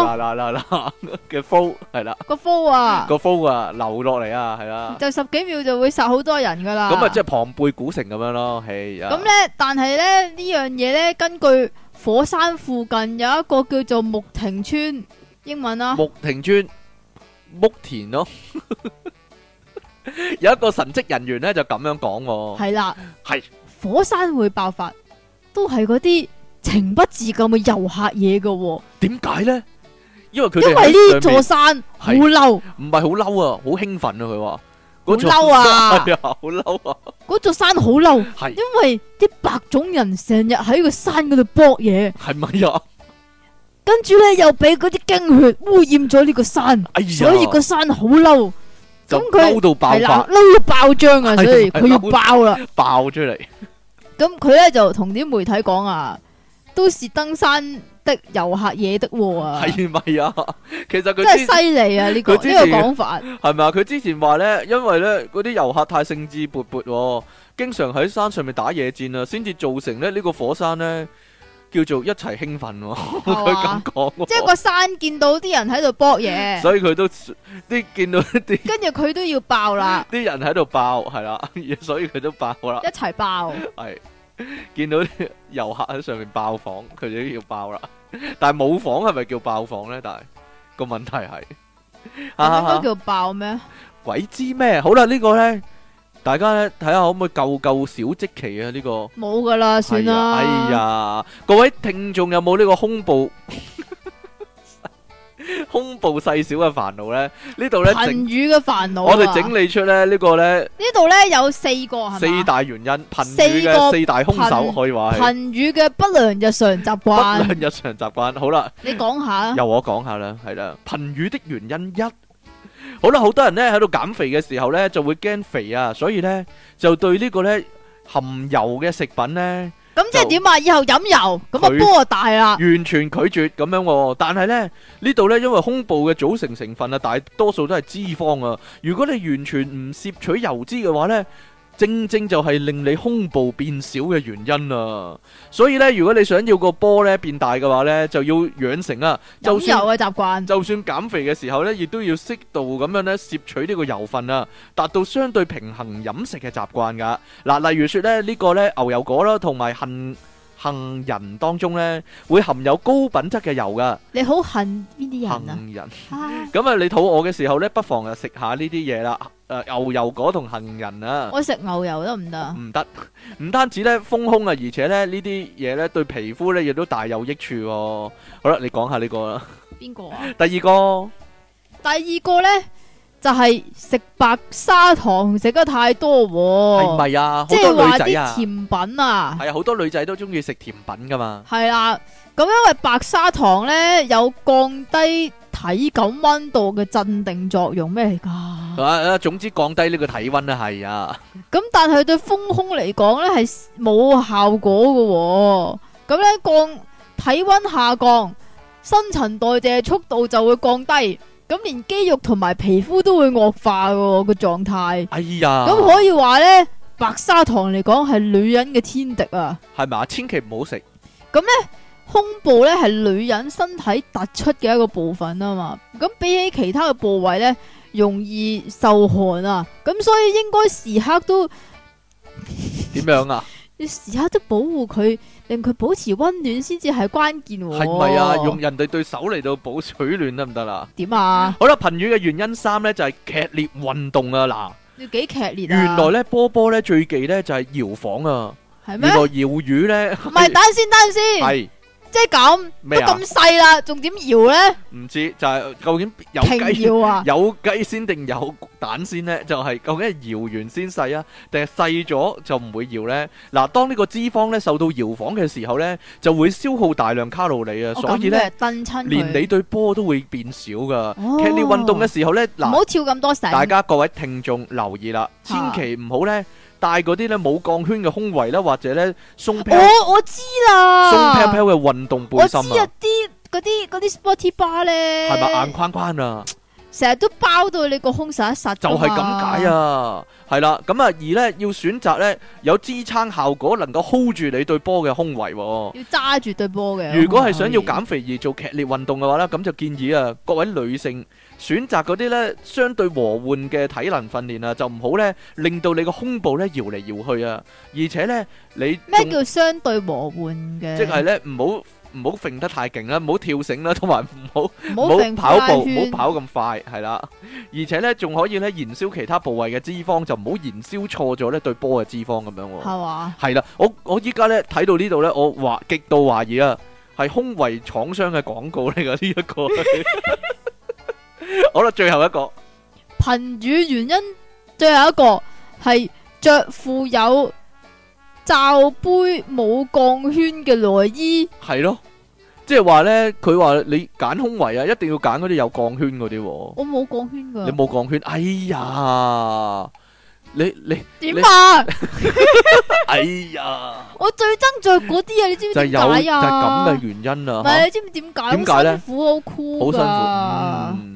[SPEAKER 1] 嗱
[SPEAKER 2] 嗱嗱嗱嘅 flow 係啦，
[SPEAKER 1] 個 flow 啊，
[SPEAKER 2] 個 flow 啊流落嚟啊，係啦，就
[SPEAKER 1] 十幾秒就會殺好多人噶啦，咁啊即係
[SPEAKER 2] 龐貝古城咁樣咯，係啊，咁咧，
[SPEAKER 1] 但係咧呢樣嘢咧，根據火山附近有一個叫做木亭村，英文啊，木
[SPEAKER 2] 亭村，木田咯，有一個神職人員咧就咁樣講，係啦，係
[SPEAKER 1] 火山會爆發，都係嗰啲。情不自禁咪又客嘢嘅，點
[SPEAKER 2] 解咧？因為佢因為呢座山好嬲，唔係好嬲啊，好興奮啊！佢話好嬲啊，係啊，好嬲啊！嗰座山好嬲，係因
[SPEAKER 1] 為啲白種人成日喺個山嗰度搏嘢，係咪啊？跟住咧又俾嗰啲經血污染咗呢個山，所以個
[SPEAKER 2] 山好嬲，咁佢係啦，嬲到爆漿
[SPEAKER 1] 啊，所以佢要
[SPEAKER 2] 爆啦，爆出嚟。
[SPEAKER 1] 咁佢咧就同啲媒體講啊。都是登山的遊客惹的禍啊！係
[SPEAKER 2] 咪啊？其實佢真係犀利啊！呢個呢個講法係咪啊？佢之前話咧，因為咧嗰啲遊客太興致勃勃，經常喺山上面打野戰啦，先至造成咧呢個火山咧叫做一齊興奮。佢咁講，即係個
[SPEAKER 1] 山見到啲人喺度搏嘢，所
[SPEAKER 2] 以佢都啲見到啲，
[SPEAKER 1] 跟住佢都要爆啦。
[SPEAKER 2] 啲人喺度爆，係啦，所以佢都爆啦，一
[SPEAKER 1] 齊爆，
[SPEAKER 2] 係。見到啲遊客喺上面爆房，佢哋都要爆啦。 但係冇房係咪叫爆房咧？但係個問題係，咁應該叫
[SPEAKER 1] 爆咩啊？
[SPEAKER 2] 鬼知咩？好啦，這個、呢個咧，大家咧睇下可唔可以救救小積淇啊？呢、這個
[SPEAKER 1] 冇噶啦，算啦啊。哎
[SPEAKER 2] 呀，各位聽眾有冇呢個恐怖？胸部細小嘅煩惱呢，呢度呢，貧
[SPEAKER 1] 乳嘅煩惱，我哋整
[SPEAKER 2] 理出呢，呢個呢，
[SPEAKER 1] 呢度呢，有四個係
[SPEAKER 2] 嘛？四大原因，貧乳嘅四大凶手可以話，貧
[SPEAKER 1] 乳嘅不良日常習慣，不良
[SPEAKER 2] 日常習慣，好啦，你講下啦，由我講下啦，係啦，貧乳的原因一，好啦，好多人呢喺度減肥嘅時候呢，就會驚肥啊，所以呢，就對呢個呢含油嘅食品呢。
[SPEAKER 1] 咁即係點啊？以後飲油，咁咪波就大啊！
[SPEAKER 2] 完全拒絕咁樣，但係呢，呢度呢，因為胸部嘅組成成分啊，大多數都係脂肪啊。如果你完全唔攝取油脂嘅話呢。正正就係令你胸部變小嘅原因啊！所以咧，如果你想要個波咧變大嘅話咧，就要養成啊，油就算油嘅習慣，就算減肥嘅時候咧，亦都要適度咁樣咧攝取呢個油分啊，達到相對平衡飲食嘅習慣㗎。嗱，啊，例如説咧呢、呢個咧牛油果啦，同埋杏。杏仁當中咧，會含有高品質嘅油噶
[SPEAKER 1] 你好恨邊
[SPEAKER 2] 啲人啊？杏仁。咁啊，你肚餓嘅時候咧，不妨就食下呢啲嘢啦。誒，牛油果同杏仁啊。我
[SPEAKER 1] 食牛油得唔得？唔
[SPEAKER 2] 得，唔單止咧豐胸啊，而且咧呢啲嘢咧對皮膚咧亦都大有益處。好啦，你講下呢個啦。邊個啊？第二個，
[SPEAKER 1] 第二個咧。就係食白砂糖食得太多。哦，係咪啊？即係話啲甜品啊，
[SPEAKER 2] 係啊，好多女仔都中意食甜品噶嘛。
[SPEAKER 1] 係啦，啊，咁因為白砂糖呢，有降低體感温度嘅鎮定作用咩嚟噶？
[SPEAKER 2] 係、啊、總之降低呢個體溫啦，係啊。
[SPEAKER 1] 咁但係對豐胸嚟講呢，係冇效果嘅。哦，咁呢，降體溫下降，新陳代謝速度就會降低。咁連肌肉同埋皮膚都會惡化嘅個狀態，哎呀！咁可以話呢，白砂糖嚟講係女人嘅天敵啊，
[SPEAKER 2] 係咪啊？千祈唔好食。咁呢，
[SPEAKER 1] 胸部呢係女人身體突出嘅一個部分啊嘛。咁比起其他嘅部位呢，容易受寒啊。咁所以應該時刻都點 樣啊？要時刻都保護佢，令佢保持温暖先至係關鍵、哦。
[SPEAKER 2] 係咪啊？用人哋對手嚟到保取暖得唔得啦？點啊？啊好啦，貧乳嘅原因三咧就係劇烈運動啊！嗱，
[SPEAKER 1] 要幾劇烈啊？原來咧
[SPEAKER 2] 波波咧最忌咧就係搖房啊！嗎原來搖乳咧，唔係是 等先，
[SPEAKER 1] 等先。即係
[SPEAKER 2] 咁，咁細
[SPEAKER 1] 啦，仲點搖咧？
[SPEAKER 2] 唔知就係究竟有雞搖啊？有雞先定有蛋先咧？就係究竟搖完先細啊？定係細咗就唔會搖咧？嗱，當呢個脂肪咧受到搖晃嘅時候咧，就會消耗大量卡路里啊！所以咧，連你對波都會變少噶。哦，劇烈運動嘅時候咧，嗱，唔好
[SPEAKER 1] 跳咁多成。大家
[SPEAKER 2] 各位聽眾留意啦，千祈唔好咧。帶嗰啲咧冇鋼圈嘅胸圍啦，或者咧鬆飄。我我
[SPEAKER 1] 知啦，鬆飄
[SPEAKER 2] 飄嘅運動背心啊。我知啊，
[SPEAKER 1] 啲嗰啲嗰啲 sporty bra 咧，係咪硬框框啊？成日都包到你個胸實一實，就係咁解啊。
[SPEAKER 2] 係啦，咁啊，而咧要選擇咧有支撐效果，能夠 hold 住你對波嘅胸圍。要
[SPEAKER 1] 揸住對波嘅。如果係想要
[SPEAKER 2] 減肥而做劇烈運動嘅話咧，咁就建議啊，各位女性。選擇嗰啲咧相對和緩嘅體能訓練啊，就唔好咧令到你個胸部咧搖嚟搖去啊，而且咧你咩
[SPEAKER 1] 叫相對和緩嘅？即係咧
[SPEAKER 2] 唔好唔好揈得太勁啦，唔好跳繩啦，同埋唔好唔好跑步，唔好跑咁快，係啦。而且咧仲可以咧燃燒其他部位嘅脂肪，就唔好燃燒錯咗呢對波嘅脂肪咁樣。係嘛嗎？係啦，我我依家咧睇到呢度咧，我懷極度懷疑啊，係胸圍廠商嘅廣告嚟噶呢一個。 好啦，最後一個
[SPEAKER 1] 貧乳原因，最後一個係着富有罩杯冇鋼圈嘅內衣。
[SPEAKER 2] 係咯，即係話咧，佢話你揀胸圍啊，一定要揀嗰啲有鋼圈嗰啲。我
[SPEAKER 1] 冇鋼圈噶，你冇
[SPEAKER 2] 鋼圈？哎呀，你你點啊？
[SPEAKER 1] 哎呀， 我最憎着嗰啲啊，你知唔知點解啊？就係咁嘅
[SPEAKER 2] 原因啦。唔係、啊，你
[SPEAKER 1] 知唔知點解？點解咧？苦好酷。好辛苦。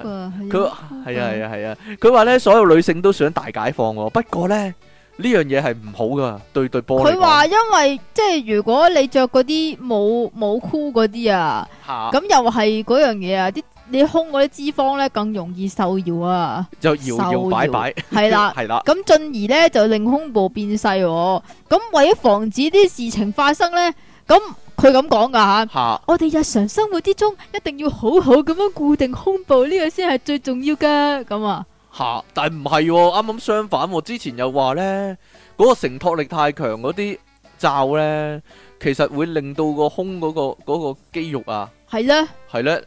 [SPEAKER 2] 佢係啊係啊係啊，佢話咧所有女性都想大解放、哦，不過咧呢樣嘢係唔好噶，對對波。佢話
[SPEAKER 1] 因為即係如果你着嗰啲冇冇箍嗰啲啊，咁又係嗰樣嘢啊，啲、啊、你胸嗰啲脂肪咧更容易受搖啊，就搖搖擺擺，係啦係啦，咁進 了而咧就令胸部變細、哦。咁為咗防止啲事情發生咧，咁。佢咁講噶吓，啊、我哋日常生活之中一定要好好咁樣固定胸部呢個先係最重要嘅。咁啊
[SPEAKER 2] 吓、啊，但係唔係、哦，啱啱相反、哦，我之前又話呢，嗰、嗰個承托力太強嗰啲罩呢，其實會令到胸、嗰個胸嗰個個肌肉啊係呢？係呢？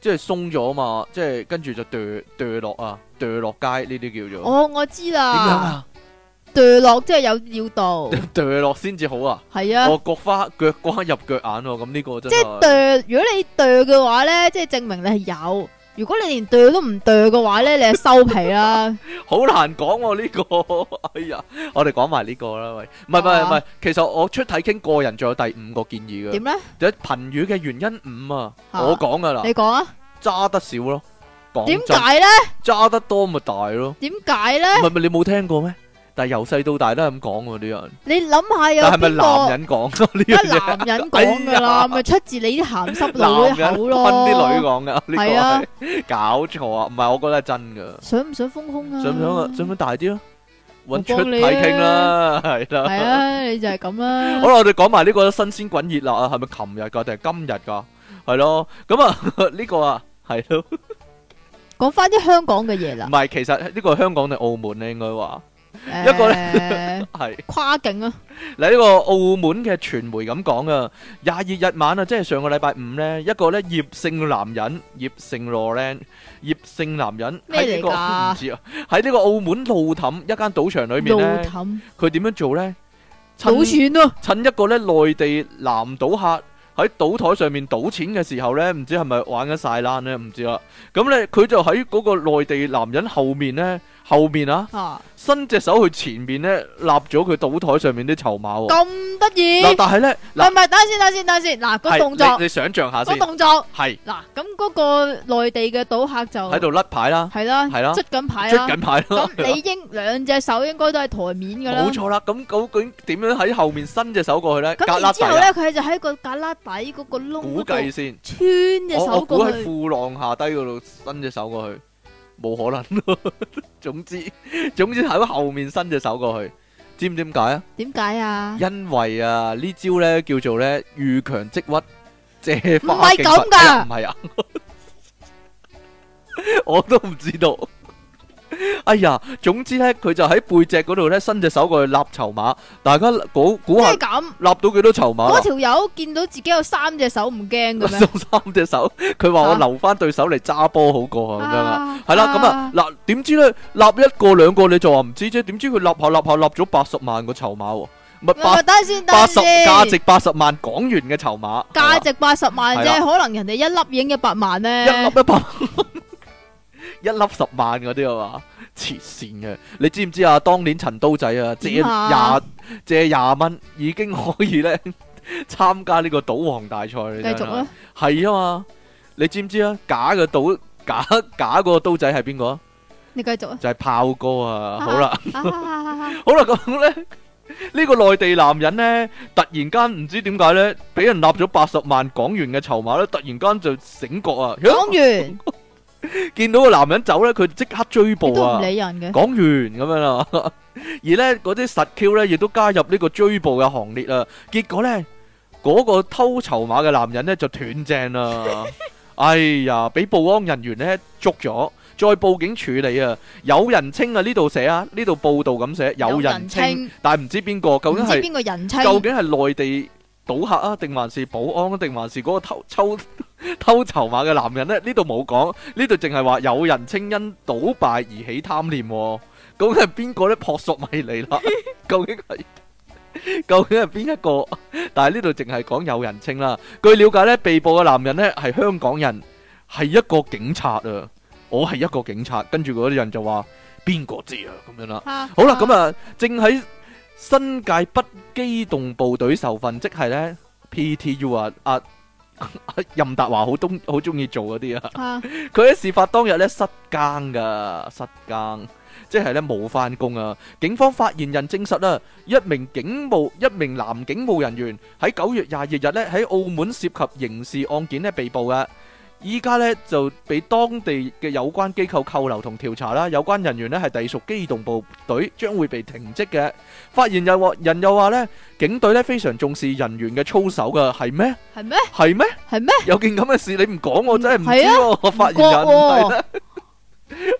[SPEAKER 2] 即係鬆咗嘛，即係跟住就墮墮落啊，墮落街呢啲叫做哦，
[SPEAKER 1] 我知啦。啄落即係有要到，
[SPEAKER 2] 啄落先至好啊。係啊，我腳花腳瓜入腳眼，咁呢個真係。即係啄，
[SPEAKER 1] 如果你啄嘅話咧，即係證明你係有；如果你連啄都唔啄嘅話咧，你係收皮啦。
[SPEAKER 2] 好難講呢個，哎呀，我哋講埋呢個啦，喂，唔係唔係唔係，其實我出體傾個人仲有第五個建議嘅。點咧？第一頻魚嘅原因五啊，我講噶啦。你講啊？揸得少咯。點解咧？揸得多咪大咯？
[SPEAKER 1] 點解咧？唔係
[SPEAKER 2] 唔係，你冇聽過咩？但係由細到大都係咁講呢樣。
[SPEAKER 1] 你諗下啊，係咪男人
[SPEAKER 2] 講呢樣嘢？得男人講
[SPEAKER 1] 噶啦，咪出自你啲鹹濕佬口咯。分啲女講
[SPEAKER 2] 噶，呢個係搞錯啊！唔係，我覺得係真噶。想唔想豐胸啊？想唔想啊？想唔想大啲咯？搵出嚟傾啦，係啦。
[SPEAKER 1] 係啊，你就係咁啦。好啦，我
[SPEAKER 2] 哋講埋呢個新鮮滾熱辣啊，係咪琴日噶定係今日噶？係咯，咁啊呢個啊係咯。講翻啲香港嘅嘢啦。唔係，其實呢個香港定澳門咧，應該話。一個咧係跨境啊！嗱，呢個澳門嘅傳媒咁講啊，廿二日晚啊，即係上個禮拜五咧，一個咧葉姓男人，葉姓羅咧，葉姓男人喺呢個唔知啊，喺呢個澳門路氹一間賭場裏面，路氹佢點樣做咧？賭錢咯！趁一個咧內地男賭客喺賭台上面賭錢嘅時候咧，唔知係咪玩咗晒爛咧，唔知啊。咁咧，佢就喺嗰個內地男人後面咧。後邊啊，伸隻手去前邊咧，立咗佢賭台上面啲籌碼喎。咁
[SPEAKER 1] 得意嗱，但係咧，嗱唔係，等先，等先，等先。嗱，個動作，你想象下先，個動作係嗱，咁嗰個內地嘅賭客就喺
[SPEAKER 2] 度甩牌啦，係啦，係啦，出緊牌啦，出緊牌咯。咁你
[SPEAKER 1] 應兩隻手應該都係台面噶啦。冇錯
[SPEAKER 2] 啦，咁究竟點樣喺後面伸隻手過去咧？咁之後咧，
[SPEAKER 1] 佢就喺個旮旯底嗰個窿估計先，穿隻手過去。我我估喺褲
[SPEAKER 2] 浪下低嗰度伸隻手過去。冇可能咯，總之總之喺後面伸隻手過去，知唔知點解啊？點
[SPEAKER 1] 解啊？因
[SPEAKER 2] 為啊呢招咧叫做咧遇強即屈，借花獻佛，唔係咁㗎、哎、唔係啊？ 我都唔知道。哎呀，總之咧，佢就喺背脊嗰度咧，伸隻手過去立籌碼，大家估估下，立到幾多籌碼？嗰條
[SPEAKER 1] 友見到自己有三隻手唔驚嘅咩？
[SPEAKER 2] 三隻手，佢話我留翻對手嚟揸波好過，係咪啊？係啦，咁啊，嗱，點知咧？立一個、兩個，你就話唔知啫？點知佢立下立下立咗八十萬個籌碼喎？唔
[SPEAKER 1] 係八，八十價值
[SPEAKER 2] 八十萬港元嘅籌碼，
[SPEAKER 1] 價值八十萬啫，可能人哋一粒影一百萬咧，一粒一百，一
[SPEAKER 2] 粒十萬嗰啲係嘛？黐線嘅，你知唔知啊？當年陳刀仔20，啊，借廿借廿蚊已經可以咧參加呢個賭王大賽。繼續啊，係啊嘛，你知唔知啊？假嘅賭假假個刀仔係邊個啊？
[SPEAKER 1] 你繼續啊，就
[SPEAKER 2] 係炮哥啊！ 好啦， 好啦，咁咧呢個內地男人咧，突然間唔知點解咧，俾人立咗八十萬港元嘅籌碼咧，突然間就醒覺啊！港元完。 見到個男人走咧，佢即刻追捕啊！講完咁樣啦，而咧嗰啲實 Q 咧亦都加入呢個追捕嘅行列啦。結果咧，嗰個偷籌碼嘅男人咧就斷正啦。哎呀，俾保安人員咧捉咗，再報警處理啊！有人稱啊，呢度寫啊，呢度報道咁寫，有人稱，但係唔知邊個，究竟係邊個人稱，究竟係內地。賭客啊，定還是保安啊，定還是嗰個偷抽偷籌碼嘅男人咧？呢度冇講，呢度淨係話有人稱因賭敗而起貪念，究竟係邊個咧？撲朔迷離啦，究竟係究竟係邊一個？但係呢度淨係講有人稱啦。據了解咧，被捕嘅男人咧係香港人，係一個警察啊。我係一個警察，跟住嗰啲人就話邊個知啊？咁樣啦，好啦，咁啊，正喺，新界北機動部隊受訓，即係咧 PTU 啊，阿任達華好東好中意做嗰啲啊。佢喺事發當日咧失更噶失更，即係咧冇翻工啊！警方發言人證實啦，一名警務一名男警務人員喺九月廿二日咧喺澳門涉及刑事案件咧被捕嘅。依家咧就俾當地嘅有關機構扣留同調查啦，有關人員咧係隸屬機動部隊，將會被停職嘅。發現又話人又話咧，警隊咧非常重視人員嘅操守噶，係咩？係咩？係咩？係咩？有件咁嘅事，你唔講我真係唔知喎。發現人唔係咧，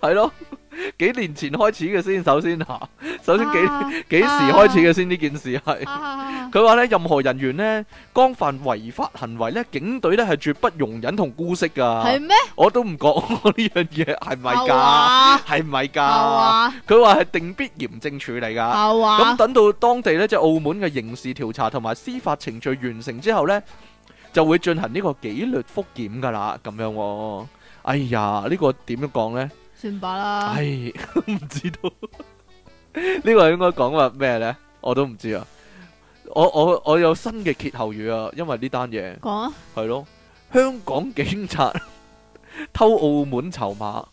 [SPEAKER 2] 係咯。.幾年前開始嘅先，首先吓，首先、啊、幾幾時開始嘅先呢、啊、件事係？佢話咧，任何人員呢，干犯違法行為咧，警隊咧係絕不容忍同姑息噶。係咩嗎？我都唔覺呢樣嘢係咪？噶係咪？噶、啊？佢話係定必嚴正處理噶。咁、啊啊、等到當地咧即係澳門嘅刑事調查同埋司法程序完成之後咧，就會進行呢個紀律覆檢噶啦，咁樣、哦。哎呀，這個、呢個點樣講咧？
[SPEAKER 1] 算罷啦，係
[SPEAKER 2] 唔知道呢， 個應該講話咩咧？我都唔知啊！我我我有新嘅歇後語啊！因為呢單嘢，講係、啊、咯，香港警察 偷澳門籌碼，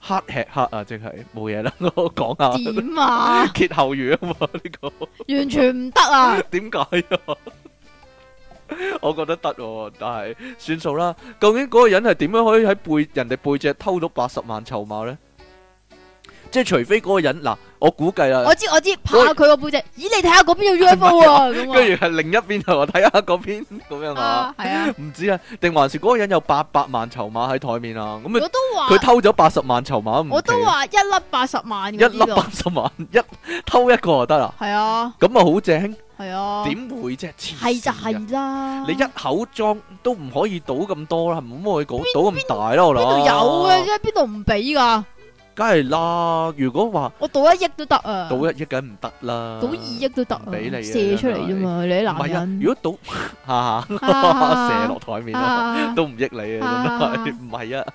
[SPEAKER 2] 黑吃黑啊！即係冇嘢啦，我講 下點啊？歇後 語啊嘛，呢、這個完全唔得啊！點解 啊？ 我覺得得，但係算數啦。究竟嗰個人係點樣可以喺背人哋背脊偷到八十萬籌碼呢？即係除非嗰個人嗱，我估計啊，我知
[SPEAKER 1] 我知，拍佢個背脊。咦，你睇下嗰邊有 UFO 啊？咁，
[SPEAKER 2] 跟住係另一邊同我睇下嗰邊咁樣啊，係啊，唔知啊，定還是嗰個人有八百萬籌碼喺台面啊？咁啊，我都話，佢偷咗八十萬籌碼，我都話
[SPEAKER 1] 一粒八十萬，一粒八
[SPEAKER 2] 十萬，一偷一個就得啦。係啊，咁啊好正，係啊，點會啫？係就係啦，你一口裝都唔可以賭咁多啦，唔好去講賭咁大咯。我諗邊度有嘅
[SPEAKER 1] 啫，邊度唔俾
[SPEAKER 2] 噶？梗係啦！如果話
[SPEAKER 1] 我賭一億都得啊，賭
[SPEAKER 2] 一億梗唔得啦，賭二億都得，俾你啊，射出
[SPEAKER 1] 嚟啫嘛，你男
[SPEAKER 2] 人。如果賭吓吓射落台面都唔益你啊，真係唔係啊！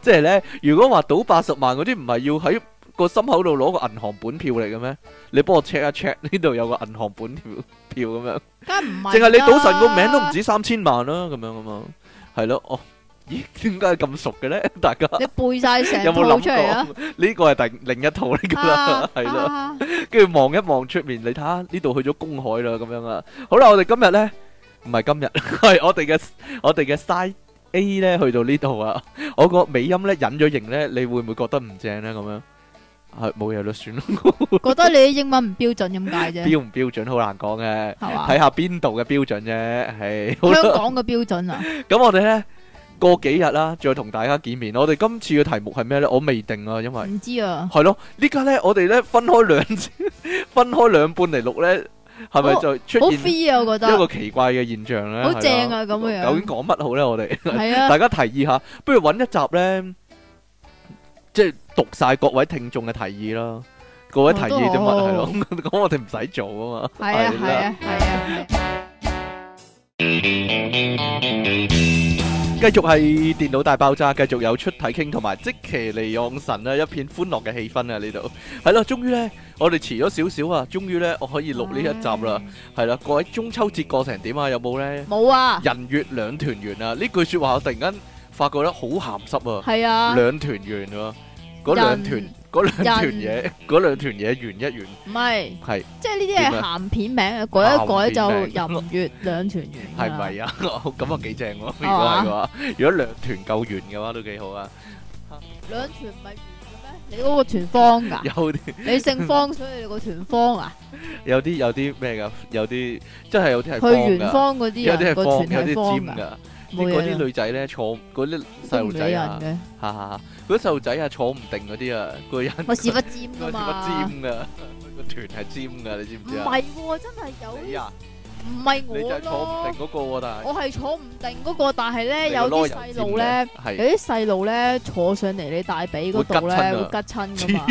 [SPEAKER 2] 即係咧，如果話賭八十萬嗰啲，唔係要喺個心口度攞個銀行本票嚟嘅咩？你幫我 check 一 check 呢度有個銀行本票票咁樣，梗唔係。淨係你賭神個名都唔止三千萬啦，咁樣啊嘛，係咯，哦。咦，點解係咁熟嘅咧？大家你背晒成套出嚟啊！呢個係第另一套嚟㗎啦，係啦。跟住望一望出面，你睇下呢度去咗公海啦，咁樣啊。好啦，我哋今日咧，唔係今日係我哋嘅我哋嘅 Side A 咧，去到呢度啊。我個尾音咧，隱咗形咧，你會唔會覺得唔正咧？咁樣係冇嘢啦，算啦。
[SPEAKER 1] 覺得你英文唔標準咁解啫？標
[SPEAKER 2] 唔標準好難講嘅，係嘛？睇下邊度嘅標準啫，係香港
[SPEAKER 1] 嘅標準啊。
[SPEAKER 2] 咁我哋咧。過幾日啦，再同大家見面。我哋今次嘅題目係咩咧？我未定啊，因為唔知啊。係咯，呢家咧，我哋咧分開兩分開兩半嚟錄咧，係咪再出現 free 啊？我覺得一個奇怪嘅現象咧，好正啊！
[SPEAKER 1] 咁樣究竟
[SPEAKER 2] 講乜好咧？我哋係啊，大家提議吓，不如揾一集咧，即係讀晒各位聽眾嘅提議啦，各位提議啲乜係咯？咁我哋唔使做啊嘛。係啊，係啊，係啊。繼續係電腦大爆炸，繼續有出體 king 同埋積淇離岸神啦，一片歡樂嘅氣氛啊！呢度係咯，終於呢，我哋遲咗少少啊，終於呢，我可以錄呢一集啦，係啦、嗯，各位中秋節過成點啊？有冇呢？冇啊！人月兩團圓啊！呢句說話我突然間發覺得好咸濕啊！係啊！兩團圓嗰兩團嗰兩團嘢，嗰兩團嘢圓一圓，唔係，係即係呢啲係鹹
[SPEAKER 1] 片名啊，改一改就淫月兩團圓，係咪
[SPEAKER 2] 啊？咁啊幾正喎，如果係嘅話，如果兩團夠圓嘅話都幾好啊。
[SPEAKER 1] 兩團唔係圓嘅咩？你嗰個團方噶？有啲你姓方，所以你個團方啊？
[SPEAKER 2] 有啲有啲咩噶？有啲即係有啲係去圓方嗰啲有個團方噶。嗰啲女仔咧，坐嗰啲細路仔啊，嚇嚇嚇！嗰啲細路仔啊坐唔定嗰啲啊，個、啊、人我屎忽尖不尖啊？我尖嘅，個團係尖㗎，你知唔知、哦、啊？唔係
[SPEAKER 1] 喎，真係有。唔係我坐唔定
[SPEAKER 2] 嗰個，但係是，我
[SPEAKER 1] 係坐唔定嗰個，但係咧有啲細路咧，的有啲細路咧坐上嚟你大髀嗰度咧會吉親噶嘛。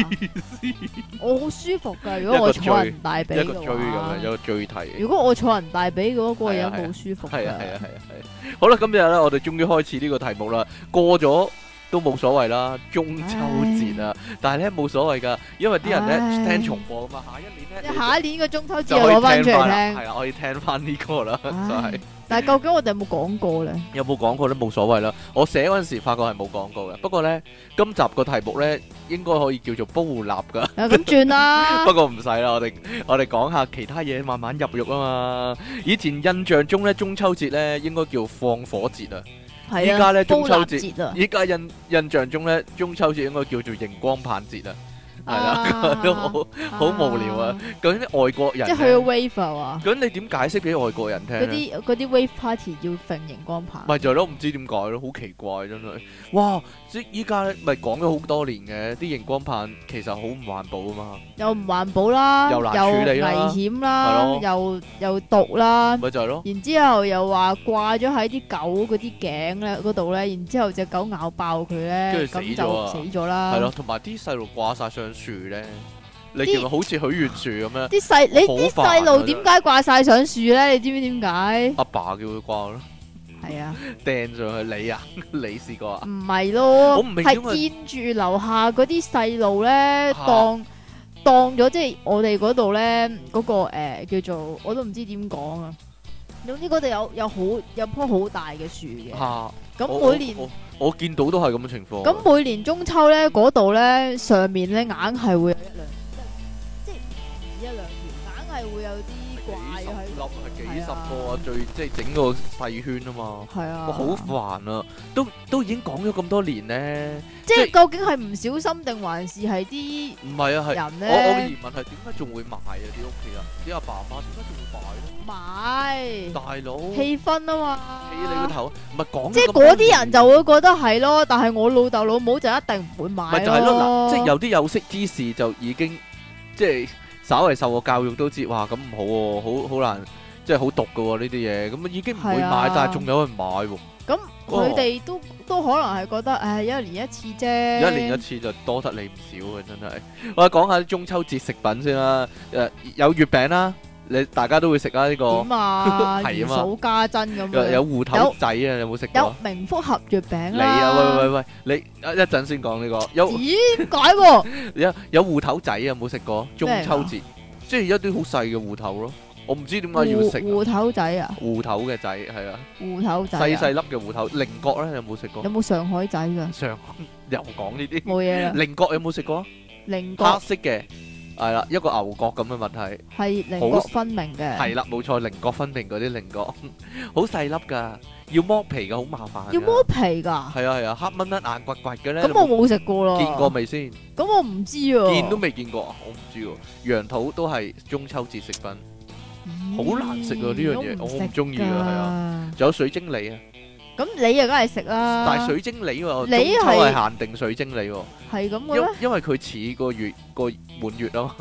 [SPEAKER 1] 我好舒服噶， 如果我坐人大髀度嘛，有個椎題。椎
[SPEAKER 2] 椎如
[SPEAKER 1] 果我坐人大髀嗰個有冇舒服？係啊係啊
[SPEAKER 2] 係啊係。好啦，今日咧我哋終於開始呢個題目啦。過咗。都冇所謂啦，中秋節啊！唉 但係咧冇所謂噶，因為啲人咧唉 聽重播啊嘛，
[SPEAKER 1] 下一年咧，下一年個中秋節又攞返出嚟咧，可以聽翻啦，
[SPEAKER 2] 係唉 可以聽翻呢個啦，唉 就係、是。
[SPEAKER 1] 但係究竟我哋有冇講過咧？
[SPEAKER 2] 有冇講過都冇所謂啦。我寫嗰陣時發覺係冇講過嘅，不過咧今集個題目咧應該可以叫做煲立噶。咁轉啦。 不過唔使啦，我哋我哋講下其他嘢，慢慢入肉啊嘛。以前印象中咧中秋節咧應該叫放火節啊。依家咧中秋節，依家印印象中咧中秋節應該叫做熒光棒節啊，係啦，都好好無聊啊。究竟啲外國人即
[SPEAKER 1] 係去咗 wave 啊，
[SPEAKER 2] 咁你點解釋俾外國人聽？嗰啲
[SPEAKER 1] 嗰啲 wave party 要揈熒光棒。咪
[SPEAKER 2] 就係咯，唔知點解咯，好奇怪真係。哇！即依家咧，咪講咗好多年嘅啲熒光棒，其實好唔環保啊嘛，
[SPEAKER 1] 又唔環保啦，又難處理啦，又危險啦，又咯又毒啦，咪就係咯。然之後又話掛咗喺啲狗嗰啲頸咧嗰度咧，然之後隻狗咬爆佢咧，咁、啊、就死咗啦。係咯，
[SPEAKER 2] 同埋啲細路掛晒上樹咧，啲那好似許願樹咁樣。啲細、啊、你啲細路點
[SPEAKER 1] 解掛晒上樹咧？你知唔知點解？阿
[SPEAKER 2] 爸，爸叫佢掛咯。 係啊，掟 上去你啊，你試過啊？
[SPEAKER 1] 唔係咯，我唔明，係見住樓下嗰啲細路咧，當哈當咗，即係我哋嗰度咧，嗰個誒叫做，我都唔知點講啊。總之嗰度有有好有棵好大嘅樹嘅，吓
[SPEAKER 2] 哈。咁每年我,我,我,我見到都係咁嘅情況。咁
[SPEAKER 1] 每年中秋咧，嗰度咧上面咧硬係會有一兩，即係即係唔止
[SPEAKER 2] 一兩條，硬係會有。幾十個啊，最即係整個廢圈啊嘛，我好煩啊，都都已經講咗咁多年咧，即係究
[SPEAKER 1] 竟係唔小心定還是係啲
[SPEAKER 2] 唔係啊？係人咧，我我嘅疑問係點解仲會買啊？啲屋企啊，啲阿爸阿媽點解仲會買咧？買，大佬氣氛啊嘛，氣你個頭，唔係講，即係嗰啲人就
[SPEAKER 1] 會覺得係咯，但係我老豆老母就一定唔會買咯。咪就係咯，即係有
[SPEAKER 2] 啲有識之士就已經即係稍微受過教育都知，哇咁唔好，好好難。即係好毒噶喎，呢啲嘢，咁啊已經唔會買，但係仲有人買喎。
[SPEAKER 1] 咁佢哋都都可能係覺得，誒，一年一次啫，一年一
[SPEAKER 2] 次就多得你唔少嘅，真係。我講下啲中秋節食品先啦，誒，有月餅啦，你大家都會食啊呢個。點啊？係啊，如數
[SPEAKER 1] 家珍咁樣。有芋頭
[SPEAKER 2] 仔啊？有冇食過？有
[SPEAKER 1] 明福合月餅你你，喂
[SPEAKER 2] 喂喂，你一一陣先講呢個。點解？有有芋頭仔啊？冇食過中秋節，即係一啲好細嘅芋頭咯。我唔知點解要食
[SPEAKER 1] 芋頭仔啊？
[SPEAKER 2] 芋頭嘅仔係啊，
[SPEAKER 1] 芋頭仔細細粒
[SPEAKER 2] 嘅芋頭，菱角咧有冇食過？有冇
[SPEAKER 1] 上海仔噶？
[SPEAKER 2] 上海又講呢啲冇嘢啦。菱角有冇食過？
[SPEAKER 1] 菱角黑色
[SPEAKER 2] 嘅係啦，一個牛角咁嘅物體係菱角分明嘅係啦，冇錯，菱角分明嗰啲菱角好細粒噶，要剝皮嘅好麻煩。要剝皮噶係啊係啊，黑蚊蚊、硬掘掘嘅咧。咁我冇
[SPEAKER 1] 食過咯。見過未先？咁我唔知啊。見都
[SPEAKER 2] 未見過啊！我唔知啊。羊肚都係中秋節食品。好、嗯、難食啊，呢樣嘢，我唔中意啊，係啊，仲、啊、有水晶梨啊。
[SPEAKER 1] 咁你又梗係食啦！但係水
[SPEAKER 2] 晶梨喎，中秋係限定水晶梨喎，係咁嘅咩？因為佢似個月個滿月咯。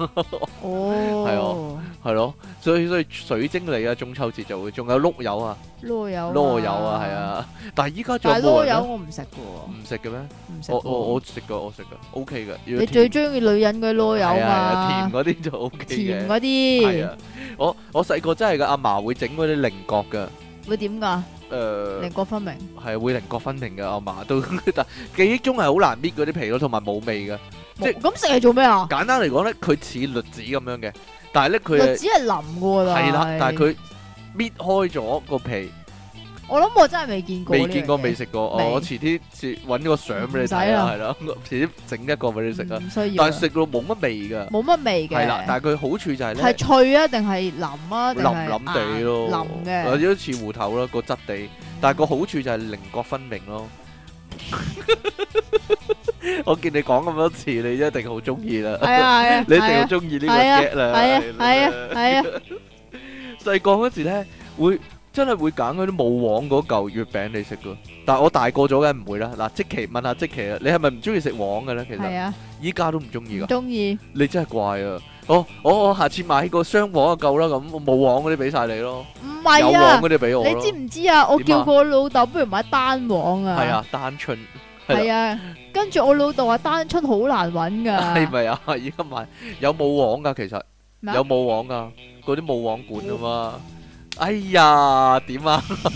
[SPEAKER 2] 哦，係哦，係咯，所以所以水晶梨啊，中秋節就會仲有碌柚啊，碌柚碌柚啊，係啊！但係依家仲有啊！但係碌柚我唔食嘅喎，唔食嘅咩？唔食？我我我食過，我食過，OK 嘅。你最中
[SPEAKER 1] 意女人嘅碌柚嘛？係啊，甜
[SPEAKER 2] 嗰啲就 OK 嘅。甜嗰啲係啊！我我細個真係嘅，阿嫲會整嗰啲菱角嘅，
[SPEAKER 1] 會點噶？誒，菱角、呃、分明
[SPEAKER 2] 係會菱角分明嘅，阿媽都但 記憶中係好難搣嗰啲皮咯，同埋冇味嘅，即係咁食係做咩啊？簡單嚟講咧，佢似栗子咁樣嘅，但係咧佢栗子係
[SPEAKER 1] 淋噶啦，係啦的，但係佢
[SPEAKER 2] 搣開咗個皮。
[SPEAKER 1] 我諗我真係未見過，未見過，未食過。我我遲
[SPEAKER 2] 啲搵個相俾你睇啦，係咯，遲啲整一個俾你食啊。唔需要。但係食到冇乜味噶。冇乜
[SPEAKER 1] 味嘅。係啦，但
[SPEAKER 2] 係佢好處就係咧。係
[SPEAKER 1] 脆啊，定係腍啊？腍腍地咯，腍嘅，或
[SPEAKER 2] 者似芋頭咯，個質地。但係個好處就係棱角分明咯。我見你講咁多次，你一定好中意啦。係啊，你一定好中意呢個嘢啦。係啊，係啊，係啊。細個嗰時咧會。真係會揀嗰啲冇黃嗰嚿月餅你食噶，但係我大個咗梗唔會啦。嗱，積淇問下積淇啦，你係咪唔中意食黃嘅咧？其實依家都唔中意噶。中意你真係怪啊！我我我下次買個雙黃就夠啦，咁冇黃嗰啲俾晒你咯。唔係啊，有黃嗰啲俾我。你知唔
[SPEAKER 1] 知啊？我叫過我老豆，不如買單黃啊。係啊，
[SPEAKER 2] 單春係啊。
[SPEAKER 1] 跟住我老豆話單春好難搵噶。係
[SPEAKER 2] 咪啊？依家買有冇黃噶？其實有冇黃噶？嗰啲冇黃罐噶嘛。哎呀，點啊？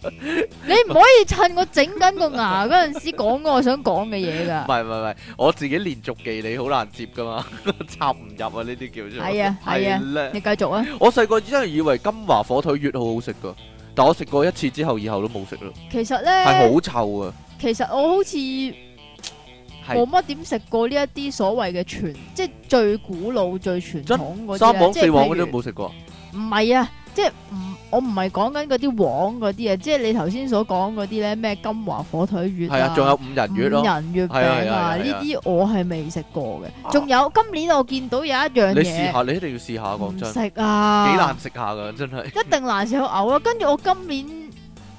[SPEAKER 1] 你唔可以趁我整緊個牙嗰陣時講過我想講嘅嘢噶。唔
[SPEAKER 2] 係唔係唔係，我自己連續記你好難接噶嘛，插唔入啊呢啲叫。係啊係啊，你繼
[SPEAKER 1] 續啊。續我細
[SPEAKER 2] 個真係以為金華火腿粵好好食噶，但我食過一次之後，以後都冇食咯。
[SPEAKER 1] 其實咧係好臭啊。其實我好似冇乜點食過呢一啲所謂嘅傳，即係最古老最傳統三網四網嗰啲冇食過。唔係真啊。即係唔，我唔係講緊嗰啲黃嗰啲啊，即係你頭先所講嗰啲咧，咩金華火腿月啊，仲有
[SPEAKER 2] 五仁月咯，五仁月餅啊，呢啲、啊、
[SPEAKER 1] 我係未食過嘅。仲的有的今年我見到有一樣嘢，你試下，
[SPEAKER 2] 你一定要試下，講真，食啊，幾、啊、難食下噶，真係，一
[SPEAKER 1] 定難食到嘔啊。跟住我今年。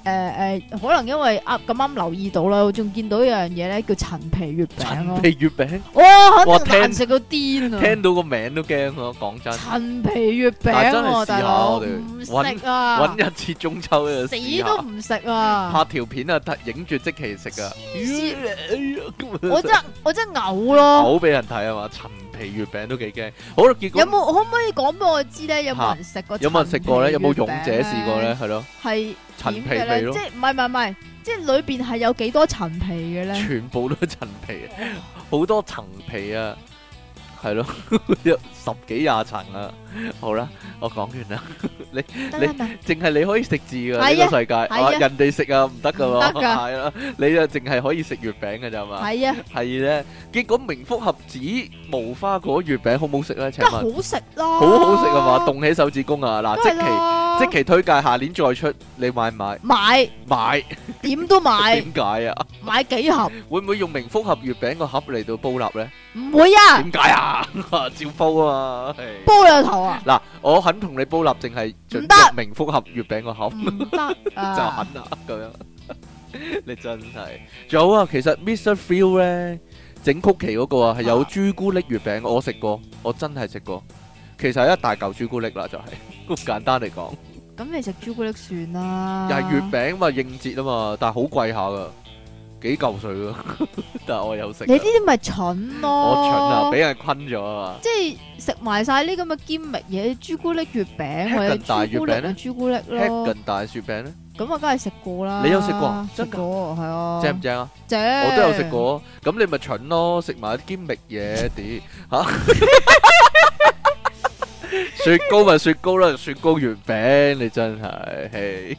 [SPEAKER 1] 誒誒、呃，可能因為咁啱、啊、留意到啦，我仲見到一樣嘢咧，叫陳皮
[SPEAKER 2] 月餅咯。陳皮月餅，哇，
[SPEAKER 1] 可能難食到
[SPEAKER 2] 癲啊！聽到個名都驚咯，講真。陳
[SPEAKER 1] 皮月餅，真係試下咯，大佬，我哋，
[SPEAKER 2] 唔食啊！搵一次中秋嘗嘗，死都唔
[SPEAKER 1] 食啊！
[SPEAKER 2] 拍條片啊，影住即刻食啊。
[SPEAKER 1] 咦， 我真我真嘔咯，好
[SPEAKER 2] 俾人睇啊嘛？陳皮月餅都幾驚，好啦，結果有冇
[SPEAKER 1] 可唔可以講俾我知咧？有冇人食過、啊？有冇
[SPEAKER 2] 人食過咧？有冇勇者試過咧？係咯，係
[SPEAKER 1] 陳皮嚟咯，即係唔係唔係，即係裏邊係有幾多陳皮嘅咧？
[SPEAKER 2] 全部都陳皮，好多陳皮啊！係咯，十十幾廿層啊！好啦，我講完啦。你你淨係你可以食字噶呢個世界，哇！人哋食啊唔得噶咯，係啦，你啊淨係可以食月餅噶咋嘛？係啊，係咧。結果明福合子無花果月餅好唔好食咧？請問好食咯，好好食啊嘛！動起手指公啊！嗱，即期即期推介，下年再出，你買唔買？買買，點都買。點解啊？買幾盒？會唔會用明福合月餅個盒嚟到煲立咧？唔會啊。點解啊？啊！照煲啊！煲
[SPEAKER 1] 有頭啊！
[SPEAKER 2] 嗱，我肯同你煲立淨係，唔得明符合月餅個口，唔得就肯啦！咁樣，你真係仲有啊！其實 Mr. Feel 咧整曲奇嗰個啊，係有朱古力月餅，我食過，我真係食過，其實係一大嚿朱古力啦，就係簡單嚟講。
[SPEAKER 1] 咁你食朱古力算啦，又係月
[SPEAKER 2] 餅嘛，應節啊嘛，但係好貴下嘅。幾嚿水咯，但係我有食。你呢啲
[SPEAKER 1] 咪蠢咯？我蠢啊，俾
[SPEAKER 2] 人困咗啊！即係
[SPEAKER 1] 食埋晒呢咁嘅堅密嘢，朱古力月餅，係朱古力朱古力咯。吃咁
[SPEAKER 2] 大月餅咧？
[SPEAKER 1] 咁我梗係食過啦。你有食過？真噶係啊？正唔正啊？正。我都有食過。
[SPEAKER 2] 咁你咪蠢咯，食埋啲堅密嘢啲吓。雪糕咪雪糕啦，雪糕月餅你真係嘿。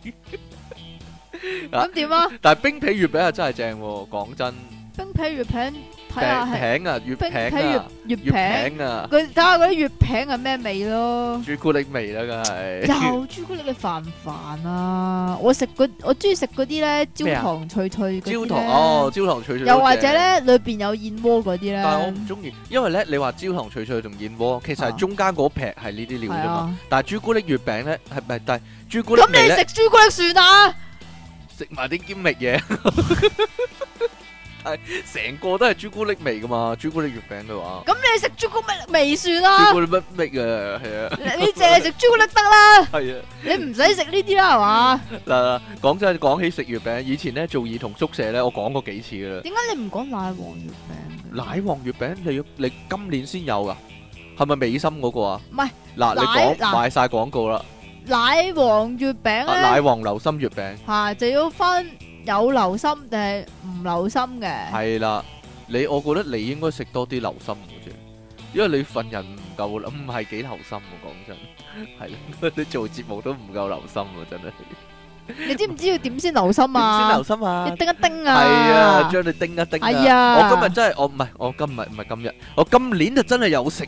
[SPEAKER 2] 咁點啊？ 但係冰皮月餅啊，真係正，講真。
[SPEAKER 1] 冰皮月餅，餅
[SPEAKER 2] 啊，月餅啊，
[SPEAKER 1] 月餅啊，佢睇下嗰啲月餅係咩味咯朱味
[SPEAKER 2] 朱古力味啦，梗係。又
[SPEAKER 1] 朱古力你煩唔煩啊？我食嗰，我中意食嗰啲咧焦糖脆脆。焦、啊、糖哦，
[SPEAKER 2] 焦糖脆脆。又或者
[SPEAKER 1] 咧，裏邊有燕窩嗰啲咧。但係我唔
[SPEAKER 2] 中意，因為咧你話焦糖脆脆同燕窩，其實係中間嗰片係呢啲料啫嘛。啊、但係朱古力月餅咧，係咪？但係朱古力月餅。咁你食朱古力算啊？食埋啲堅味嘢，係成個都係朱古力味噶嘛？朱古力月餅嘅話，咁
[SPEAKER 1] 你食朱古力味算啦。朱
[SPEAKER 2] 古力味啊，係啊，你淨係食
[SPEAKER 1] 朱古力得啦。係啊，你唔使食呢啲啦，係嘛？
[SPEAKER 2] 嗱，講真，講起食月餅，以前咧做兒童宿舍咧，我講過幾次㗎啦。點
[SPEAKER 1] 解你唔講奶黃月
[SPEAKER 2] 餅？奶黃月餅，你你你今年先有噶？係咪美心嗰個啊？唔係，嗱，你講賣晒廣告啦。
[SPEAKER 1] 奶黃月餅、啊、奶
[SPEAKER 2] 黃流心月餅
[SPEAKER 1] 吓、啊，就要分有流心定係唔流心嘅。
[SPEAKER 2] 係啦，你我覺得你應該食多啲流心嘅，因為你份人唔夠，唔係幾流心我、啊、講真，係 啦，你做節目都唔夠流心嘅、啊、真係。
[SPEAKER 1] 你知唔知要點先流心啊？先流心啊！要叮一叮啊！係啊，將你叮一叮啊！我今日
[SPEAKER 2] 真係我唔係我今日唔係今日，我今年就真係有食，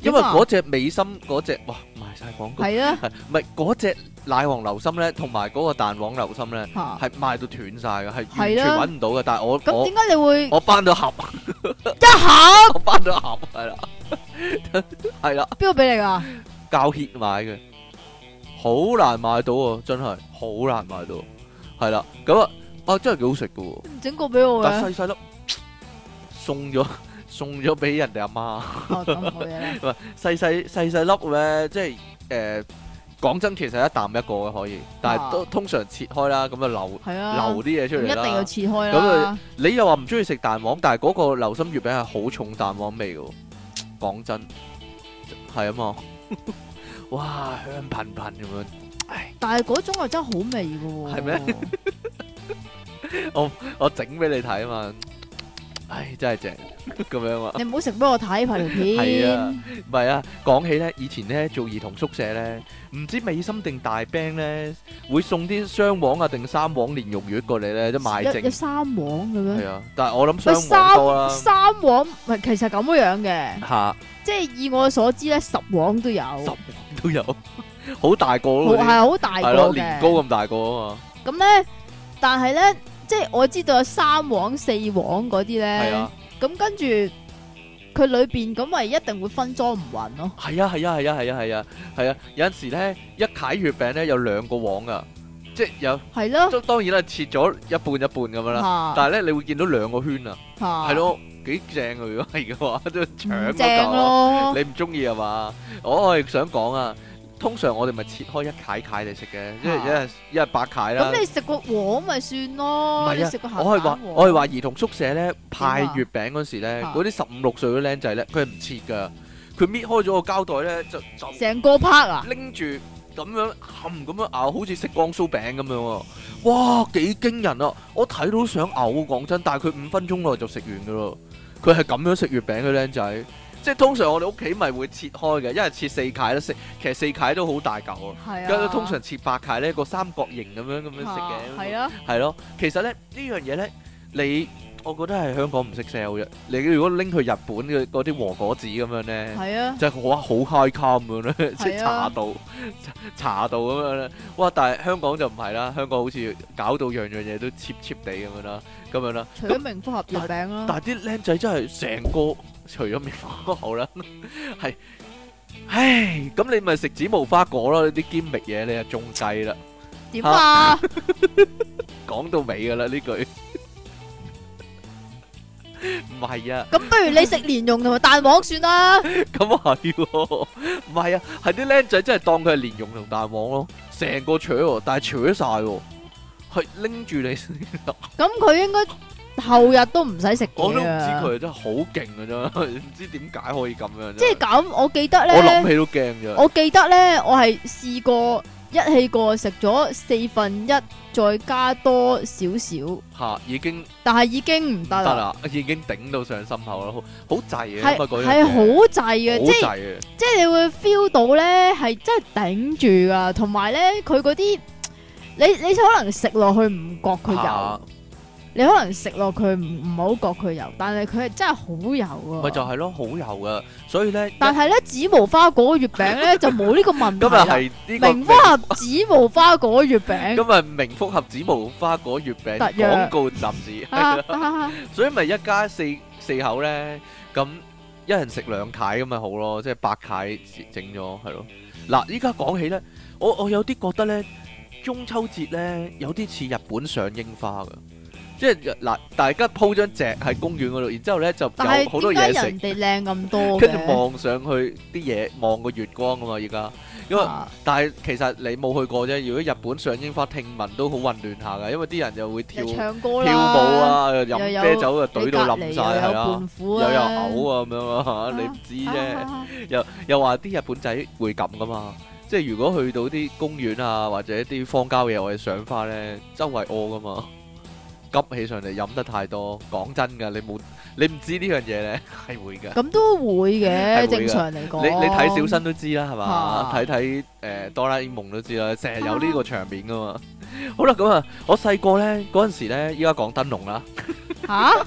[SPEAKER 2] 因為嗰隻美心嗰隻哇，賣晒廣告係啊，唔係嗰隻奶黃流心咧，同埋嗰個蛋黃流心咧，係賣到斷晒噶係完全搵唔到噶。但係我咁點解你會我返到盒，一盒，我返到盒，係啦，係啦，邊個俾你噶？教協買嘅。好難買到喎，真係好難買到，係啦，咁啊，啊真係幾好食噶，唔
[SPEAKER 1] 整過俾我但係細細粒，
[SPEAKER 2] 送咗送咗俾人哋阿媽，咁好唔係細細細細粒嘅，即係誒，講、呃、真其實一啖一個可以，但係都、啊、通常切開啦，咁啊留留啲嘢出嚟一定要切開啦，咁啊，你又話唔中意食蛋黃，但係嗰個流心月餅係好重蛋黃味嘅，講真係啊嘛。 哇，香噴噴咁樣，
[SPEAKER 1] 唉但係嗰種又真係好味嘅喎。係咩
[SPEAKER 2] 是嗎？ 我我整俾你睇啊嘛。唉，真係正咁樣啊！你
[SPEAKER 1] 唔好食俾我睇排條片。係
[SPEAKER 2] 啊，唔係啊，講起咧，以前咧做兒童宿舍咧，唔知美心定大班咧，會送啲雙黃啊定三黃蓮蓉月過嚟咧，都賣剩。有
[SPEAKER 1] 三黃咁樣。係啊，
[SPEAKER 2] 但係我諗雙黃多啦。
[SPEAKER 1] 三黃唔係，其實咁樣嘅。吓，即係以我所知咧，十黃都有。十
[SPEAKER 2] 黃都有，好大個咯。係好大個嘅，年糕咁大個啊嘛。
[SPEAKER 1] 咁咧，但係咧。即係我知道有三黃四黃嗰啲咧，咁是、啊、跟住佢裏邊咁，咪一定會分裝唔勻咯。
[SPEAKER 2] 係啊係啊係啊係啊係啊係啊！有陣時咧，一啀月餅咧，有兩個黃噶，即係有。係咯。咁當然啦，切咗一半一半咁樣啦。是的 但係咧，你會見到兩個圈啊。嚇！係咯，幾正啊！如果係嘅話，都搶咗。正咯。 你唔中意係嘛？我我亦想講啊。通常我哋咪切開一楷楷嚟食嘅，啊、一係一係八楷啦。咁你
[SPEAKER 1] 食個黃咪算咯，啊、你食我係話，我係話
[SPEAKER 2] 兒童宿舍咧派月餅嗰時咧，嗰啲麼十五六歲嘅僆仔咧，佢係唔切㗎，佢搣開咗個膠袋咧就就
[SPEAKER 1] 成個趴啊！
[SPEAKER 2] 拎住咁樣冚咁樣咬，好似食光酥餅咁樣喎。哇，幾驚人啊！我睇到都想嘔，講真。但係佢五分鐘內就食完㗎咯。佢係咁樣食月餅嘅僆仔。即係通常我哋屋企咪會切開嘅，一係切四塊咯食，其實四塊都好大嚿啊。咁通常切八塊咧，個三角形咁樣咁樣食嘅，係咯、啊。係咯，其實咧呢樣嘢咧，你。我覺得係香港唔識 sell 嘅，你如果拎去日本嘅嗰啲和果子咁樣咧，就哇好 high come 嘅咧，即係茶道查茶道咁樣咧，哇！但係香港就唔係啦，香港好似搞到樣樣嘢都 cheap cheap 地咁樣啦，咁樣啦，除咗明富合月餅啦，但係啲僆仔真係成個除咗明富合好啦，係，唉，咁你咪食紫無花果咯，啲堅密嘢你就中計啦，點啊？講到尾嘅啦呢句。唔係啊，咁不
[SPEAKER 1] 如你食蓮蓉同埋蛋黃算啦。
[SPEAKER 2] 咁係、 哦，唔係啊，係啲僆仔真係當佢係蓮蓉同蛋黃咯，成個扯，但係扯晒，係拎住你先。
[SPEAKER 1] 咁 佢應該後日都唔使食嘅。我都唔知佢
[SPEAKER 2] 真係好勁噶咋，唔知點解可以咁樣。即係
[SPEAKER 1] 咁，我記得咧。我諗起
[SPEAKER 2] 都驚嘅。我
[SPEAKER 1] 記得咧，我係試過。一氣過食咗四分一，再加多少少，
[SPEAKER 2] 嚇已經，
[SPEAKER 1] 但係已經唔得啦，得啦，
[SPEAKER 2] 已經頂到上心口啦，好滯嘅，係係好
[SPEAKER 1] 滯嘅，好滯嘅，即係你會 feel 到咧，係真係頂住㗎，同埋咧佢嗰啲，你你可能食落去唔覺佢有。你可能食落佢唔唔好覺佢油，但係佢係真係好油
[SPEAKER 2] 啊！咪就係咯，好油噶，所以咧。
[SPEAKER 1] 但係咧，紫無花果月餅咧就冇呢個問
[SPEAKER 2] 題。今日係名福
[SPEAKER 1] 合紫無花果月餅。今
[SPEAKER 2] 日名福合紫無花果月餅廣告雜誌，所以咪一家四四口咧，咁一人食兩塊咁咪好咯，即係八塊整咗係咯。嗱，依家講起咧，我我有啲覺得咧，中秋節咧有啲似日本賞櫻花噶。即係嗱，大家鋪張席喺公園嗰度，然之後咧就有好多嘢食。但係
[SPEAKER 1] 點解人哋靚咁多？跟住望
[SPEAKER 2] 上去啲嘢，望個月光啊嘛！而家因為但係其實你冇去過啫。如果日本賞櫻花，聽聞都好混亂下噶，因為啲人就會跳跳舞啊，又飲啤酒啊，隊到冧曬係啊，又又嘔啊咁樣嚇，你唔知啫。又又話啲日本仔會噉噶嘛，即係如果去到啲公園啊，或者啲荒郊野外嘅賞花咧，周圍屙噶嘛。急起上嚟，飲得太多，講真噶，你冇，你唔知呢樣嘢咧，係會嘅。咁都會嘅，正常嚟講。你你睇小新都知啦，係嘛？睇睇誒哆啦 A 夢都知啦，成日有呢個場面噶嘛。好啦，咁啊，我細個咧嗰陣時咧，依家講燈籠啦。
[SPEAKER 1] 嚇？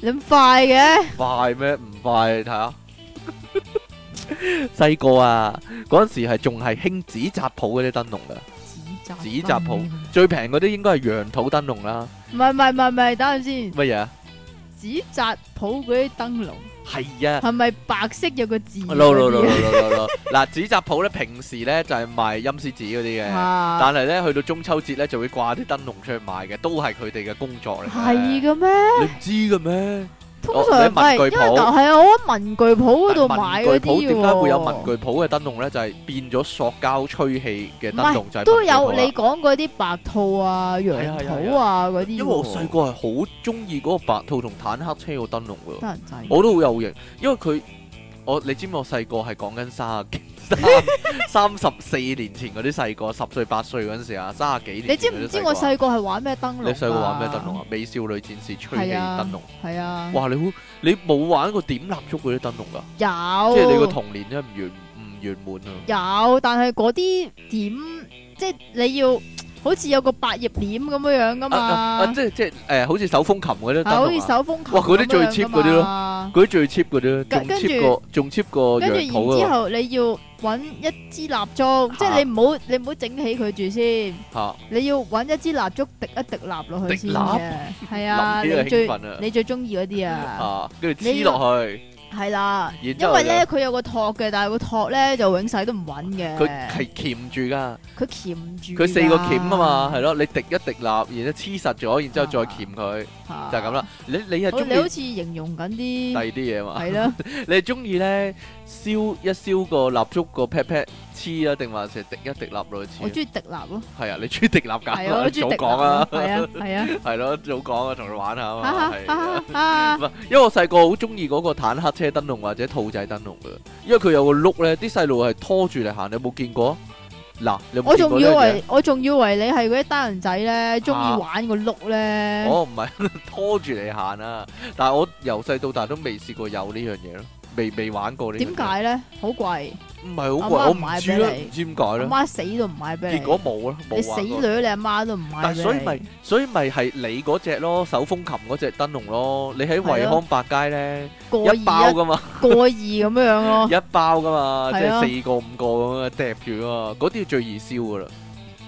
[SPEAKER 1] 你咁快嘅？
[SPEAKER 2] 快咩？唔快，你睇下。細個啊，嗰陣時係仲係興紙紮鋪嗰啲燈籠噶。紙紮鋪最平嗰啲應該係羊肚燈籠啦，
[SPEAKER 1] 唔係唔係唔係，等陣先。乜嘢啊？紙紮鋪嗰啲燈籠
[SPEAKER 2] 係啊，係
[SPEAKER 1] 咪白色有個字？No no
[SPEAKER 2] no 嗱，紙紮鋪咧平時咧就係賣陰司紙嗰啲嘅，啊、但係咧去到中秋節咧就會掛啲燈籠出去賣嘅，都係佢哋嘅工作嚟。係
[SPEAKER 1] 嘅咩？你唔
[SPEAKER 2] 知嘅咩？通常唔係，哦、是因為係我喺
[SPEAKER 1] 文具鋪嗰度買嗰啲，點解會有
[SPEAKER 2] 文具鋪嘅燈籠咧？就係、是、變咗塑膠吹氣嘅燈籠仔。都是有你
[SPEAKER 1] 講嗰啲白兔啊、楊桃啊嗰啲。因為我細
[SPEAKER 2] 個係好中意嗰個白兔同坦克車嘅燈籠嘅。我都好有型，因為佢我你知唔知我細個係講緊沙啊 三十四年前嗰啲細個十歲八歲嗰陣時啊，三十幾年你知唔知我細
[SPEAKER 1] 個係玩咩燈籠？你細個玩咩燈籠啊？
[SPEAKER 2] 美少女戰士吹氣燈籠，
[SPEAKER 1] 係啊！啊哇，
[SPEAKER 2] 你好，你冇玩過點蠟燭嗰啲燈籠噶？
[SPEAKER 1] 有，即係你個
[SPEAKER 2] 童年咧，唔完唔圓滿啊！
[SPEAKER 1] 有，但係嗰啲點，即係你要。好似有個百葉簾咁樣樣噶嘛，啊即即
[SPEAKER 2] 誒，好似手風琴嗰啲，好似手風琴，哇嗰啲最 cheap 嗰啲咯，嗰啲最 cheap 嗰啲，仲 cheap 過仲 cheap 過，跟住，然之後
[SPEAKER 1] 你要搵一支蠟燭，即係你唔好你唔好整起佢住先，你要搵一支蠟燭滴一滴蠟落去先嘅，係啊，你最你最中意嗰啲啊，
[SPEAKER 2] 跟住黐落去。
[SPEAKER 1] 係啦，後因為咧佢有個托嘅，但係個托咧就永世都唔穩嘅。佢係
[SPEAKER 2] 鉗住噶，
[SPEAKER 1] 佢鉗住。佢四個鉗啊嘛，
[SPEAKER 2] 係咯，你滴一滴蠟，然後黐實咗，然之後再鉗佢，啊、就咁啦、啊。你你係你好似
[SPEAKER 1] 形容緊啲第二啲
[SPEAKER 2] 嘢嘛？係咯對了， 你係中意咧燒一燒個蠟燭個 pat pat。黐啊？定話成滴一滴立咯黐。我中
[SPEAKER 1] 意滴立咯。
[SPEAKER 2] 係啊，你中意滴立噶。係啊，我中意滴。早講啊，係啊，係啊。係咯，早講啊，同你玩下啊。吓吓吓！唔係，因為我細個好中意嗰個坦克車燈籠或者兔仔燈籠嘅，因為佢有個轆咧，啲細路係拖住嚟行，你有冇見過？嗱，你我仲以為
[SPEAKER 1] 我仲以為你係嗰啲單人仔咧，中意玩個轆咧。我
[SPEAKER 2] 唔係拖住嚟行啊！但係我由細到大都未試過有呢樣嘢咯，未未玩過呢。點
[SPEAKER 1] 解咧？好貴。唔係好貴，我唔知啦，唔
[SPEAKER 2] 知點解啦。阿媽
[SPEAKER 1] 死都唔買俾你。結果
[SPEAKER 2] 冇咯，你死女，你阿媽都唔買。但係所以咪，所以咪係你嗰隻咯，手風琴嗰隻燈籠咯，你喺惠康百佳咧，過意一包噶嘛，過
[SPEAKER 1] 二咁樣咯、啊，
[SPEAKER 2] 一包噶嘛，即係四個五個咁樣揼住啊，嗰啲最易燒噶啦，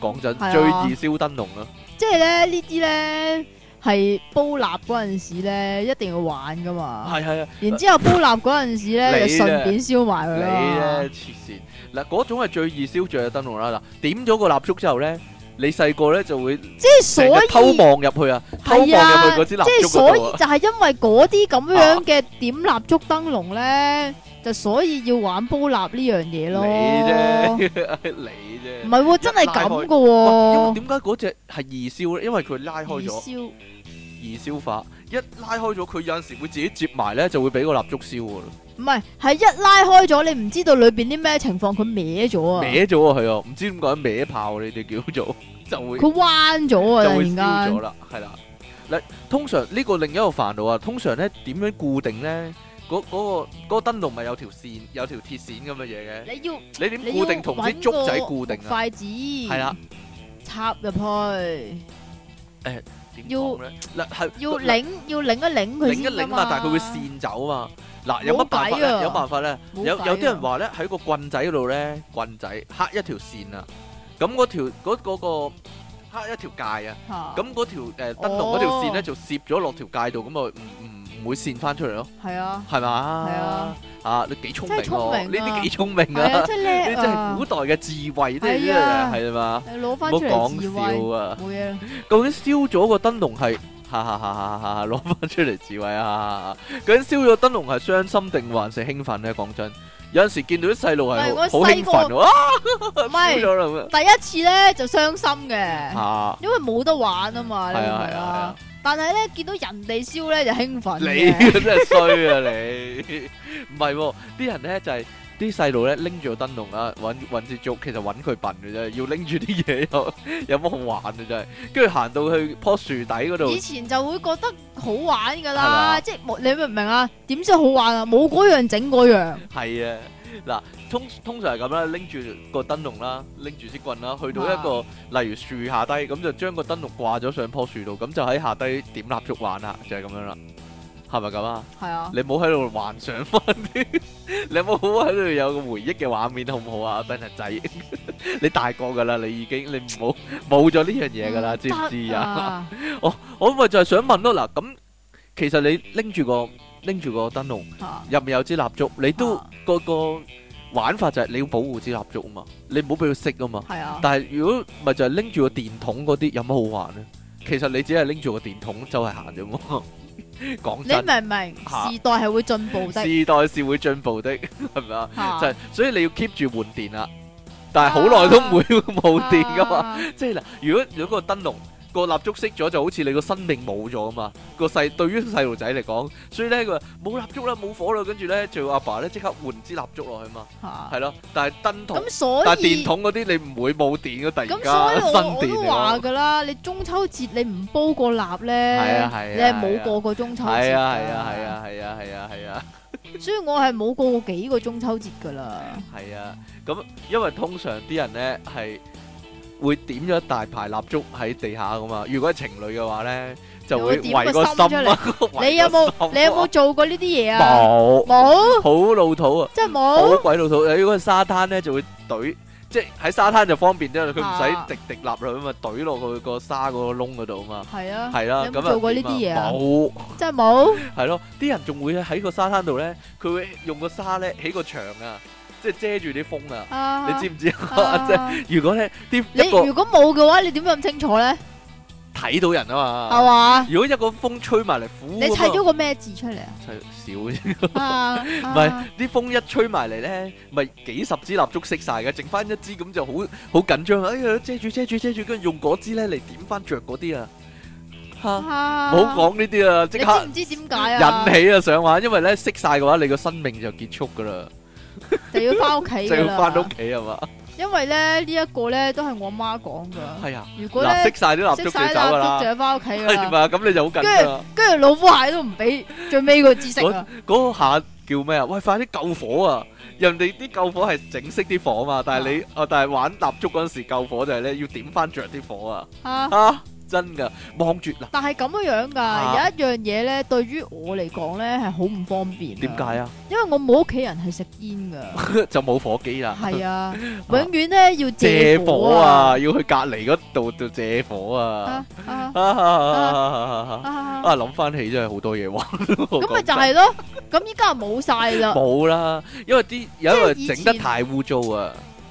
[SPEAKER 2] 講真，啊、最易燒燈籠啦。
[SPEAKER 1] 即係咧呢啲咧。係煲蠟嗰陣時咧，一定要玩噶嘛。
[SPEAKER 2] 係係的啊。然之後
[SPEAKER 1] 煲蠟嗰陣時咧，就順便燒埋佢啦。你咧
[SPEAKER 2] 黐線嗱，嗰種係最易燒着嘅燈籠啦。嗱，點咗個蠟燭之後咧，你細個咧就會即係偷望入去啊，以偷望入去嗰的支蠟燭嘅。即係所以就
[SPEAKER 1] 係因為嗰啲咁樣嘅點蠟燭燈籠咧，就、啊、所以要玩煲蠟呢樣嘢咯。你啫，
[SPEAKER 2] 你啫。唔係喎，真係咁噶喎。咁點解嗰隻係易燒咧？因為佢拉開咗。易消化，一拉開咗佢有陣時會自己接埋咧，就會俾個蠟燭燒噶啦。
[SPEAKER 1] 唔係，係一拉開咗，你唔知道裏邊啲咩情況，佢歪咗啊！歪
[SPEAKER 2] 咗啊，係啊、哦，唔知點解歪炮你哋叫做就會。佢彎咗啊，
[SPEAKER 1] 就會燒突然間。咗啦，
[SPEAKER 2] 係啦。嗱、這個，通常呢個另一個煩惱啊，通常咧點樣固定咧？嗰嗰、那個嗰、那個燈籠咪有條線，有條鐵線咁嘅嘢嘅。你要你點固定同啲你要 竹仔固定啊？筷子係啦了，
[SPEAKER 1] 插入去誒。
[SPEAKER 2] 要咧，要擰
[SPEAKER 1] 要擰一擰佢擰一擰啊，但係佢會線
[SPEAKER 2] 走啊嘛。嗱，有乜辦法？有辦法咧？有有啲人話咧，喺個棍仔度咧，棍仔刻一條線啊。咁、嗰、條個刻、嗰個嗰個嗰個，一條界啊。咁條誒誒燈籠條線咧就攝咗落條界度，咁啊唔唔。會扇翻出嚟
[SPEAKER 1] 咯，係
[SPEAKER 2] 啊，係嘛，係啊，啊你幾聰明喎，呢啲幾聰明啊，呢啲真係古代嘅智慧，呢啲係嘛，攞翻出嚟講笑，唔會啊。究竟燒咗個燈籠係，攞翻出嚟智慧啊。究竟燒咗燈籠係傷心定還是興奮咧？講真，有陣時見到啲細路係好興奮，唔
[SPEAKER 1] 係，第一次咧就傷心嘅，因為冇得玩啊嘛，係啊。但係咧，見到人哋燒咧就興奮。你
[SPEAKER 2] 真係衰啊！你唔係，啲人咧就係啲細路咧拎住個燈籠啦，揾揾支竹，其實揾佢笨嘅啫，要拎住啲嘢，又有乜 好玩嘅真係？跟住行到去樖樹底嗰度，以
[SPEAKER 1] 前就會覺得好玩噶啦，吧即係你明唔明啊？點知好玩啊？冇嗰樣整嗰樣。
[SPEAKER 2] 係啊。嗱，通通常係咁啦，拎住個燈籠啦，拎住支棍啦，去到一個、啊、例如樹下低，咁就將個燈籠掛咗上棵樹度，咁就喺下低點蠟燭玩啦，就係、是、咁樣啦，係咪咁啊？係是啊，你冇喺度幻想翻啲， 你有冇喺度有個回憶嘅畫面好唔好啊？Ben 仔， 你大個噶啦，你已經你唔好冇咗呢樣嘢噶啦，知唔知啊？啊 我我咪就係想問咯，嗱、啊，咁其實你拎住個。拎住個燈籠，入、啊、面有支蠟燭，你都個、啊、個玩法就係你要保護支蠟燭啊嘛，你唔好俾佢熄啊嘛。啊但係如果唔係就係拎住個電筒嗰啲有乜好玩咧？其實你只係拎住個電筒就係行啫嘛。講 真的，你明唔
[SPEAKER 1] 明時代係會進步的？啊、時
[SPEAKER 2] 代是會進步的，係咪啊？就係、是、所以你要 keep 住換電啦。但係好耐都唔會冇電噶嘛。即係嗱，如果如果，如果個燈籠。個蠟燭熄咗就好似你個生命冇咗啊嘛，個細對於細路仔嚟講。所以咧佢話冇蠟燭啦，冇火啦，跟住咧就阿爸咧即刻換支蠟燭落去嘛，係咯。但係燈筒但係電筒嗰啲你唔會冇電噶，突然間新電嘅。咁所以我都話
[SPEAKER 1] 噶啦，你中秋節你唔煲個蠟咧，你係冇過過中秋節。係啊係啊係啊
[SPEAKER 2] 係啊係啊係啊，
[SPEAKER 1] 所以我係冇過過幾個中秋節噶啦。
[SPEAKER 2] 係啊，咁因為通常啲人咧係。會點咗一大排蠟燭喺地下噶嘛？如果係情侶嘅話咧，就會為個心。你有冇你有冇
[SPEAKER 1] 做過呢啲嘢啊？冇
[SPEAKER 2] 冇沒，沒好老土啊！
[SPEAKER 1] 即係冇，好
[SPEAKER 2] 鬼老土！如果係沙灘咧就會懟，即係喺沙灘就方便啲啦。佢唔使滴滴立落去啊嘛，懟落去個沙嗰個窿嗰度啊嘛。係啊，係啦、啊，咁有冇做過呢啲嘢啊？冇無，真係冇。係 咯，啲人仲會喺個沙灘度咧，佢會用沙個沙咧起個牆啊！即係遮住啲風啊！你知唔知？即係如果咧啲一個如
[SPEAKER 1] 果冇嘅話，你點咁清楚咧？
[SPEAKER 2] 睇到人啊嘛，係嘛？如果一個風吹埋嚟，你砌咗
[SPEAKER 1] 個咩字出嚟啊？
[SPEAKER 2] 砌少啫，
[SPEAKER 1] 唔係
[SPEAKER 2] 啲風一吹埋嚟咧，咪幾十支蠟燭熄晒嘅，剩翻一支咁就好好緊張。哎呀，遮住遮住遮住，跟住用嗰支咧嚟點翻着嗰啲啊！吓，
[SPEAKER 1] 唔好講
[SPEAKER 2] 呢啲啦，即刻你知唔
[SPEAKER 1] 知點解啊？引起
[SPEAKER 2] 啊，想話，因為咧熄晒嘅話，你個生命就結束噶啦。
[SPEAKER 1] 就要翻屋企，就要翻
[SPEAKER 2] 屋企，係嘛？
[SPEAKER 1] 因為咧呢一、這個咧都係我媽講噶，
[SPEAKER 2] 係啊。如果咧熄晒啲蠟燭就走啦，仲要翻
[SPEAKER 1] 屋企。係嘛？咁你就好緊啦。跟住跟住，老虎蟹都唔俾最尾個知識嗰、 那
[SPEAKER 2] 個、下叫咩啊？喂，快啲救火啊！人哋啲救火係整熄啲火嘛，但係你啊，啊，但係玩蠟燭嗰陣時救火就係咧要點翻着啲火啊。啊。啊真㗎，望住啦。但
[SPEAKER 1] 係咁樣樣㗎，有一樣嘢咧，對於我嚟講咧
[SPEAKER 2] 係好唔方便。點解啊？
[SPEAKER 1] 因為我冇屋企人係食煙㗎，
[SPEAKER 2] 就冇火機啦。係
[SPEAKER 1] 啊，永遠咧要借火啊，
[SPEAKER 2] 要去隔離嗰度度借火啊。啊啊啊啊啊啊啊啊！啊諗翻起真係好多嘢話。咁咪就係咯。
[SPEAKER 1] 咁依家冇晒啦。冇
[SPEAKER 2] 啦，因為啲有因為整得太污糟啊。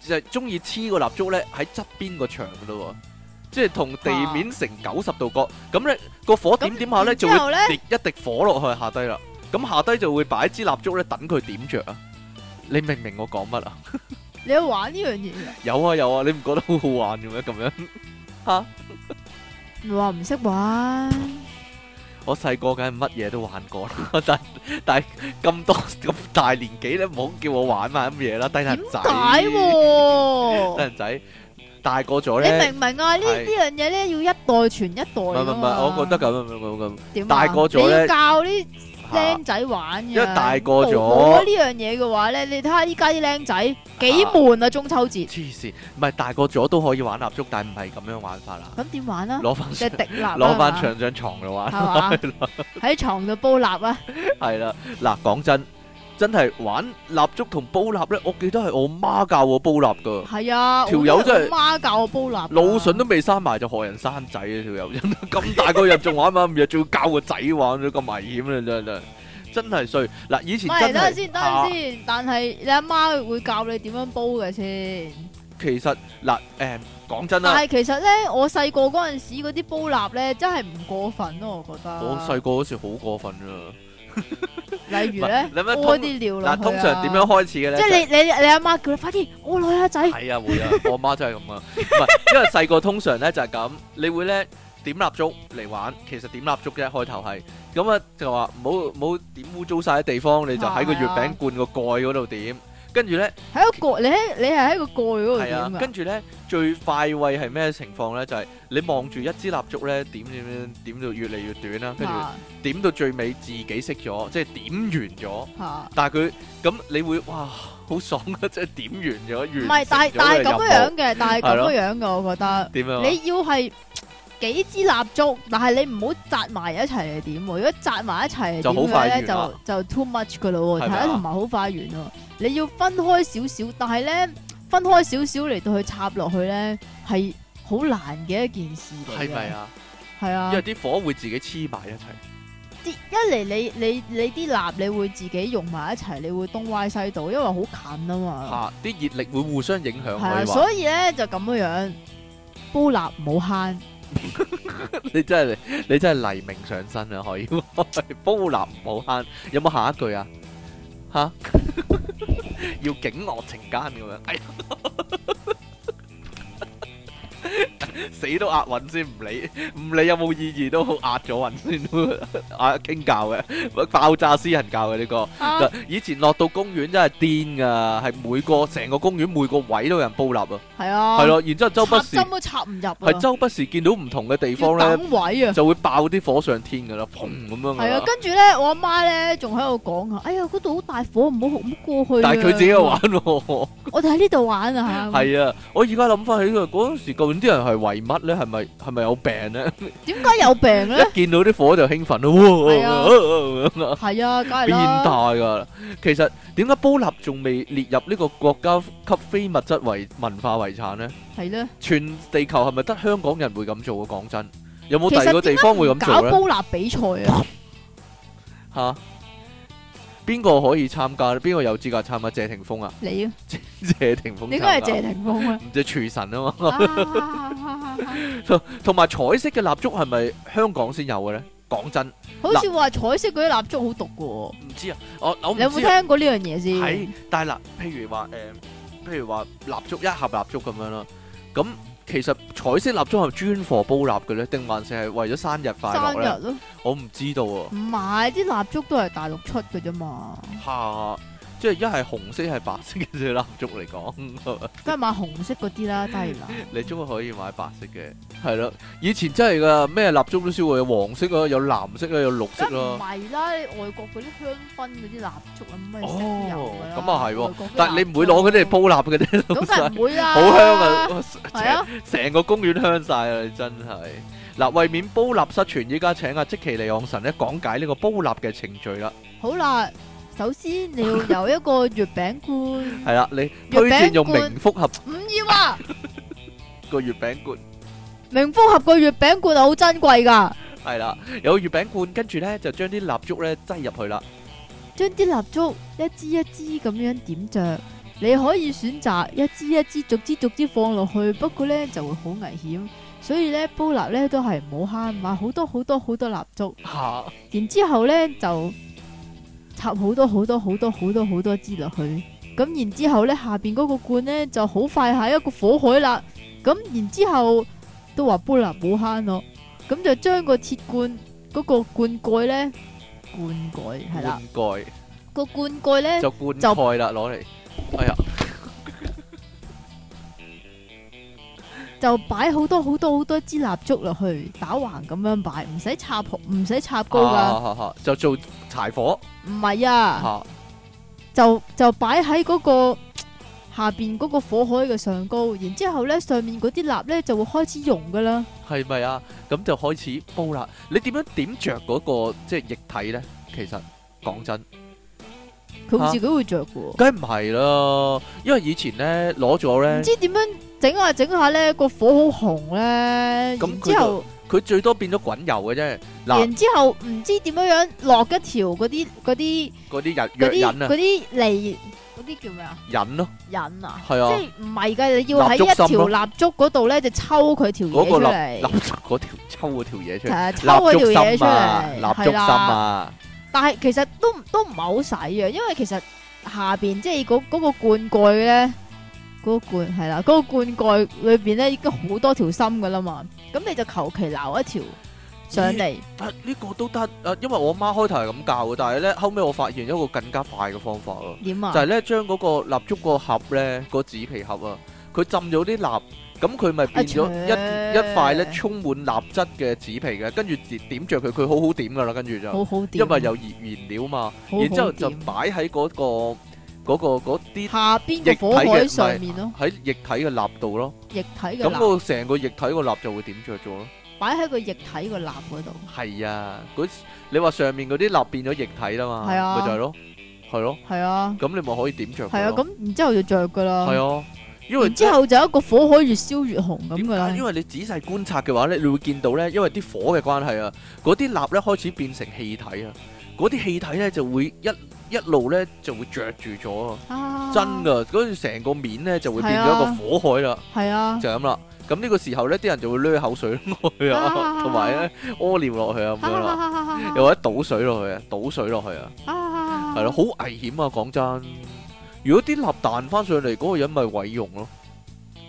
[SPEAKER 2] 就係中意黐個蠟燭咧，喺側邊個牆噶咯，即係同地面成九十度角。咁咧個火點點下咧，就會滴一滴火落去下低啦。咁下低就會擺支蠟燭咧，等佢點着啊！你明唔明我講乜
[SPEAKER 1] 啊？ 你有玩呢樣嘢？
[SPEAKER 2] 有啊有啊，你唔覺得好好玩嘅咩？咁樣
[SPEAKER 1] 吓？你話唔識玩？
[SPEAKER 2] 我細個梗係乜嘢都玩過啦，但但係咁多咁大年紀咧，唔好叫我玩埋啲嘢啦，低人仔。點解
[SPEAKER 1] 喎？低
[SPEAKER 2] 人仔大個咗咧？你明唔明啊？呢呢
[SPEAKER 1] 樣嘢咧，要一代傳一代。唔唔唔，我覺
[SPEAKER 2] 得咁咁咁。點啊？點教
[SPEAKER 1] 你。僆仔玩嘅，因為大個咗呢樣嘢嘅話咧，你睇下依家啲僆仔
[SPEAKER 2] 幾悶啊！啊中秋節黐線，唔係大個咗都可以玩蠟燭，但係唔係咁樣玩法啦。
[SPEAKER 1] 咁點玩啊？攞翻即係滴蠟，攞翻長
[SPEAKER 2] 張床嘅玩，
[SPEAKER 1] 喺吧 床度煲蠟
[SPEAKER 2] 啊！係 啦，嗱講真。真係玩蠟燭同煲蠟咧，我記得係我媽教我煲蠟㗎。係啊，
[SPEAKER 1] 條友真係我媽教我煲蠟。
[SPEAKER 2] 老筍都未生埋就學人生仔啊！條友咁大個又仲玩啊，唔又仲要教個仔玩，都咁危險啊？真真真係衰。嗱，以前真係。等陣先，等陣先。
[SPEAKER 1] 啊、但係你阿媽會教你點樣煲嘅先？
[SPEAKER 2] 其實嗱，誒講真啊。但係其
[SPEAKER 1] 實咧，我細個嗰陣時嗰啲煲蠟咧，真係唔過分咯，啊，我覺得。我細
[SPEAKER 2] 個嗰時好過分啊！
[SPEAKER 1] 例如咧呢，屙啲尿落去、啊。嗱，通常點樣開始嘅咧？即係你、就是、你你阿媽叫你快啲我女阿仔係
[SPEAKER 2] 啊會啊， 我媽真係咁啊，因為細個通常咧就係、是、咁，你會咧點蠟燭嚟玩，其實點蠟燭啫開頭係，咁啊就話唔好唔點污糟晒啲地方，你就喺個月餅罐個蓋嗰度點。 跟住咧，喺一
[SPEAKER 1] 個你喺你係喺一個蓋嗰度點、啊、跟
[SPEAKER 2] 住咧，最快慰係咩情況咧？就係、是、你望住一支蠟燭咧，點點點，點到越嚟越短啦，跟住點到最尾自己熄咗，即係點完咗。吓、啊！但係佢咁你會哇，好爽啊！即係點完咗完。唔係，但係但係咁嘅樣嘅，務但係咁嘅樣
[SPEAKER 1] 嘅、 啊，我覺得。點啊但！你要係。幾支蠟燭，但係你唔好紮埋一齊嚟點？如果紮埋一齊嚟點咧，就就 too much 噶啦，睇得同埋好快完咯。你要分開少少，但係咧分開少少嚟到去插落去咧，係好難嘅一件事。
[SPEAKER 2] 係咪啊？係啊。因為啲火會自己黐埋一齊。
[SPEAKER 1] 啲一嚟你你你啲蠟你會自己融埋一齊，你會東歪西倒，因為好近啊嘛。吓，
[SPEAKER 2] 啲熱力會互相影響。係啊，所以
[SPEAKER 1] 咧就咁樣樣，煲蠟唔好慳。
[SPEAKER 2] 你真係你真係黎明上身啊，可以，波瀾無慳，有冇下一句啊？吓， 要警樂情間咁樣。哎 死都押韻先唔理，唔理有冇意義都好押咗韻先，阿 King 教嘅爆炸私人教嘅呢個，以前落到公園真係癲噶，係每個成個公園每個位都有人煲蠟啊，係啊，係咯，然之後周不時都
[SPEAKER 1] 插唔入，係周
[SPEAKER 2] 不時見到唔同嘅地方咧，就會爆啲火上天噶啦，嘭咁樣，係啊，跟
[SPEAKER 1] 住咧我阿媽咧仲喺度講啊，哎呀嗰度好大火，唔好唔好過去，但係佢自己喺度玩，我哋喺呢度玩啊，係
[SPEAKER 2] 啊，我而家諗翻起嗰陣時咁。啲人係為乜咧？係咪係咪有病咧？
[SPEAKER 1] 點解有病咧？
[SPEAKER 2] 一見到啲火就興奮咯！係啊，係
[SPEAKER 1] 啊，梗係啦。變
[SPEAKER 2] 態噶，其實點解煲蠟仲未列入呢個國家級非物質遺文化遺產咧？係咧。全地球係咪得香港人會咁做啊？講真，有冇第二個地方會咁做咧？點解唔
[SPEAKER 1] 搞煲蠟比賽啊？
[SPEAKER 2] 吓！邊個可以參加咧？邊個有資格參加？謝霆鋒啊？你啊？ 謝霆鋒應該係謝霆鋒啊？唔知、 啊，廚神啊嘛！同、啊、埋、啊啊、 彩色嘅蠟燭係咪香港先有嘅咧？講真，好似
[SPEAKER 1] 話彩色嗰啲蠟燭好
[SPEAKER 2] 毒嘅喎。唔知啊，我，我啊，你有冇聽過
[SPEAKER 1] 呢樣嘢先？係，
[SPEAKER 2] 但係嗱，譬如話誒、呃，譬如話蠟燭一盒蠟燭咁樣咯，咁。其實彩色蠟燭係專貨煲蠟嘅咧，定還是係為咗生日快樂生日咯、啊，我唔知道
[SPEAKER 1] 啊！唔係，啲蠟燭都係大陸出嘅啫嘛。
[SPEAKER 2] 嚇！即係一係紅色，係白色嘅隻蠟燭嚟講，
[SPEAKER 1] 都係買紅色嗰啲啦，當然啦。
[SPEAKER 2] 你終於可以買白色嘅，係咯。以前真係噶咩蠟燭都燒嘅，有黃色啦，有藍色啦，有綠色啦。
[SPEAKER 1] 唔
[SPEAKER 2] 係啦，外國嗰啲香薰嗰啲蠟燭啊，咁咩都咁啊係喎，哦、但係你唔會攞嗰啲嚟煲蠟嘅啫，唔會啊， 好香啊，成、啊、 個公園香曬啊， 你真係嗱。為免煲蠟失傳，依家請阿積淇離岸神咧講解呢個煲蠟嘅程序啦。
[SPEAKER 1] 好啦。首先你要有一個月餅罐，
[SPEAKER 2] 係啦， 你推薦用明福盒，唔要啊 個月餅罐，
[SPEAKER 1] 明福盒個月餅罐係好珍貴噶。
[SPEAKER 2] 係啦，有個月餅罐，跟住咧就將啲蠟燭咧擠入去啦，
[SPEAKER 1] 將啲蠟燭一支一支咁樣點着。你可以選擇一支一支逐支逐支放落去，不過咧就會好危險，所以咧煲蠟咧都係唔好慳，買好多好多好多蠟燭。吓， 然之後咧就。插好多好多好多好多好多支落去，咁然之後咧下邊嗰個罐咧就好快係一個火海，個、那個、啦。咁然之後都話布拉冇慳咯，咁就將個鐵罐嗰個罐蓋咧，
[SPEAKER 2] 罐蓋係啦，罐蓋
[SPEAKER 1] 個罐蓋咧就
[SPEAKER 2] 罐蓋啦，攞嚟就。哎呀，
[SPEAKER 1] 就擺好多好多好多支蠟燭落去打橫咁樣擺，唔使插，唔使插高噶、
[SPEAKER 2] 啊，就做。柴火
[SPEAKER 1] 唔係啊，啊就就擺喺嗰個下邊嗰個火海嘅上高，然之後咧上面嗰啲蠟咧就會開始溶噶啦。
[SPEAKER 2] 係咪啊？咁就開始煲啦。你點樣點着嗰、嗰個即係液體咧？其實講真，佢自己會
[SPEAKER 1] 着嘅。梗
[SPEAKER 2] 唔係啦，因為以前咧攞咗咧，唔知點
[SPEAKER 1] 樣整下整下咧個火好紅咧，嗯、然後之後。
[SPEAKER 2] 佢最多變咗滾油嘅啫，然之
[SPEAKER 1] 後唔知點樣樣落一條嗰啲嗰啲
[SPEAKER 2] 嗰啲日藥引啊，嗰啲
[SPEAKER 1] 泥嗰啲叫咩啊？引咯，引啊，係啊，即係唔係㗎？你要喺一條蠟燭嗰度咧，就抽佢條嘢出嚟。蠟
[SPEAKER 2] 燭嗰條抽嗰條嘢出嚟，蠟燭芯啊！蠟燭芯啊！
[SPEAKER 1] 但係其實都都唔係好使啊，因為其實下邊即係嗰嗰個罐蓋咧。嗰罐係啦，嗰、那個罐蓋裏邊咧已經好多條芯噶啦嘛，咁你就求其留一條
[SPEAKER 2] 上嚟。啊，呢、這個都得。啊，因為我媽開頭係咁教嘅，但係咧後尾我發現咗一個更加快嘅方法咯。點啊？就係咧將嗰個蠟燭、那個盒咧，個紙皮盒啊，佢浸咗啲蠟，咁佢咪變咗一、啊、一塊咧充滿蠟質嘅紙皮嘅，跟住點點着佢，佢好好點噶啦，跟住就好好、啊、好好點，因為有熱燃料嘛。然之後就擺喺嗰個。嗰、那個嗰啲下邊嘅火海上面咯，喺液體嘅臘度咯，液體，咁我成個液體個臘就會點着咗咯，
[SPEAKER 1] 擺喺個液體個臘嗰度。
[SPEAKER 2] 係啊，你話上面嗰啲臘變咗液體啦嘛，啊，咪就係咯，係咯，係啊，咁你咪可以點着？係啊，咁
[SPEAKER 1] 然之後就着噶啦。係啊，因為後之後就一個火海越燒越紅
[SPEAKER 2] 咁㗎啦。因為你仔細觀察嘅話咧，你會見到咧，因為啲火嘅關係啊，嗰啲臘咧開始變成氣體啊，嗰啲氣體咧就會一。一路咧就會着住咗真㗎！嗰陣成個面咧就會變咗一個火海啦，係啊，就咁啦。咁呢個時候咧，啲人就會攞口水落去啊，同埋咧屙尿落去啊咁樣咯，啊啊、又或者倒水落去啊，倒水落去啊，係咯，好危險啊！講真，如果啲蠟彈翻上嚟，嗰、嗰個人咪毀容咯。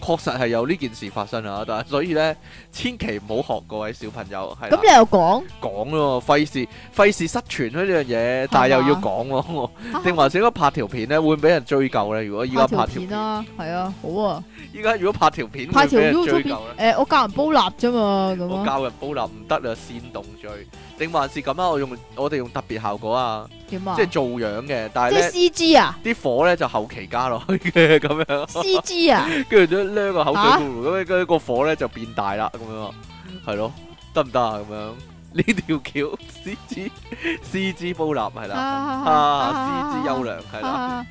[SPEAKER 2] 確實係有呢件事發生啊，但係所以咧，千祈唔好學各位小朋友。咁你又講講咯，費事費事失傳呢樣嘢，嗎但係又要講咯，定、啊、還是應該拍條片咧，會俾人追究咧。如果依家拍條
[SPEAKER 1] 片啦，係啊，啊，好啊。
[SPEAKER 2] 依家如果拍條片，拍咩條追究
[SPEAKER 1] 誒、呃，我教人煲蠟啫嘛，咁、啊、我教
[SPEAKER 2] 人煲蠟唔得啊，煽動罪。定還是咁啊？我用我哋用特別效果啊，即係做樣嘅，但係咧，即係 CG 啊，啲火咧就後期加落去嘅咁樣，CG 啊，跟住再孭個口水葫蘆，咁樣跟住個火咧就變大啦，咁樣係咯，得唔得啊？咁樣呢條橋 CG CG 煲立係啦，啊 CG 優良係啦，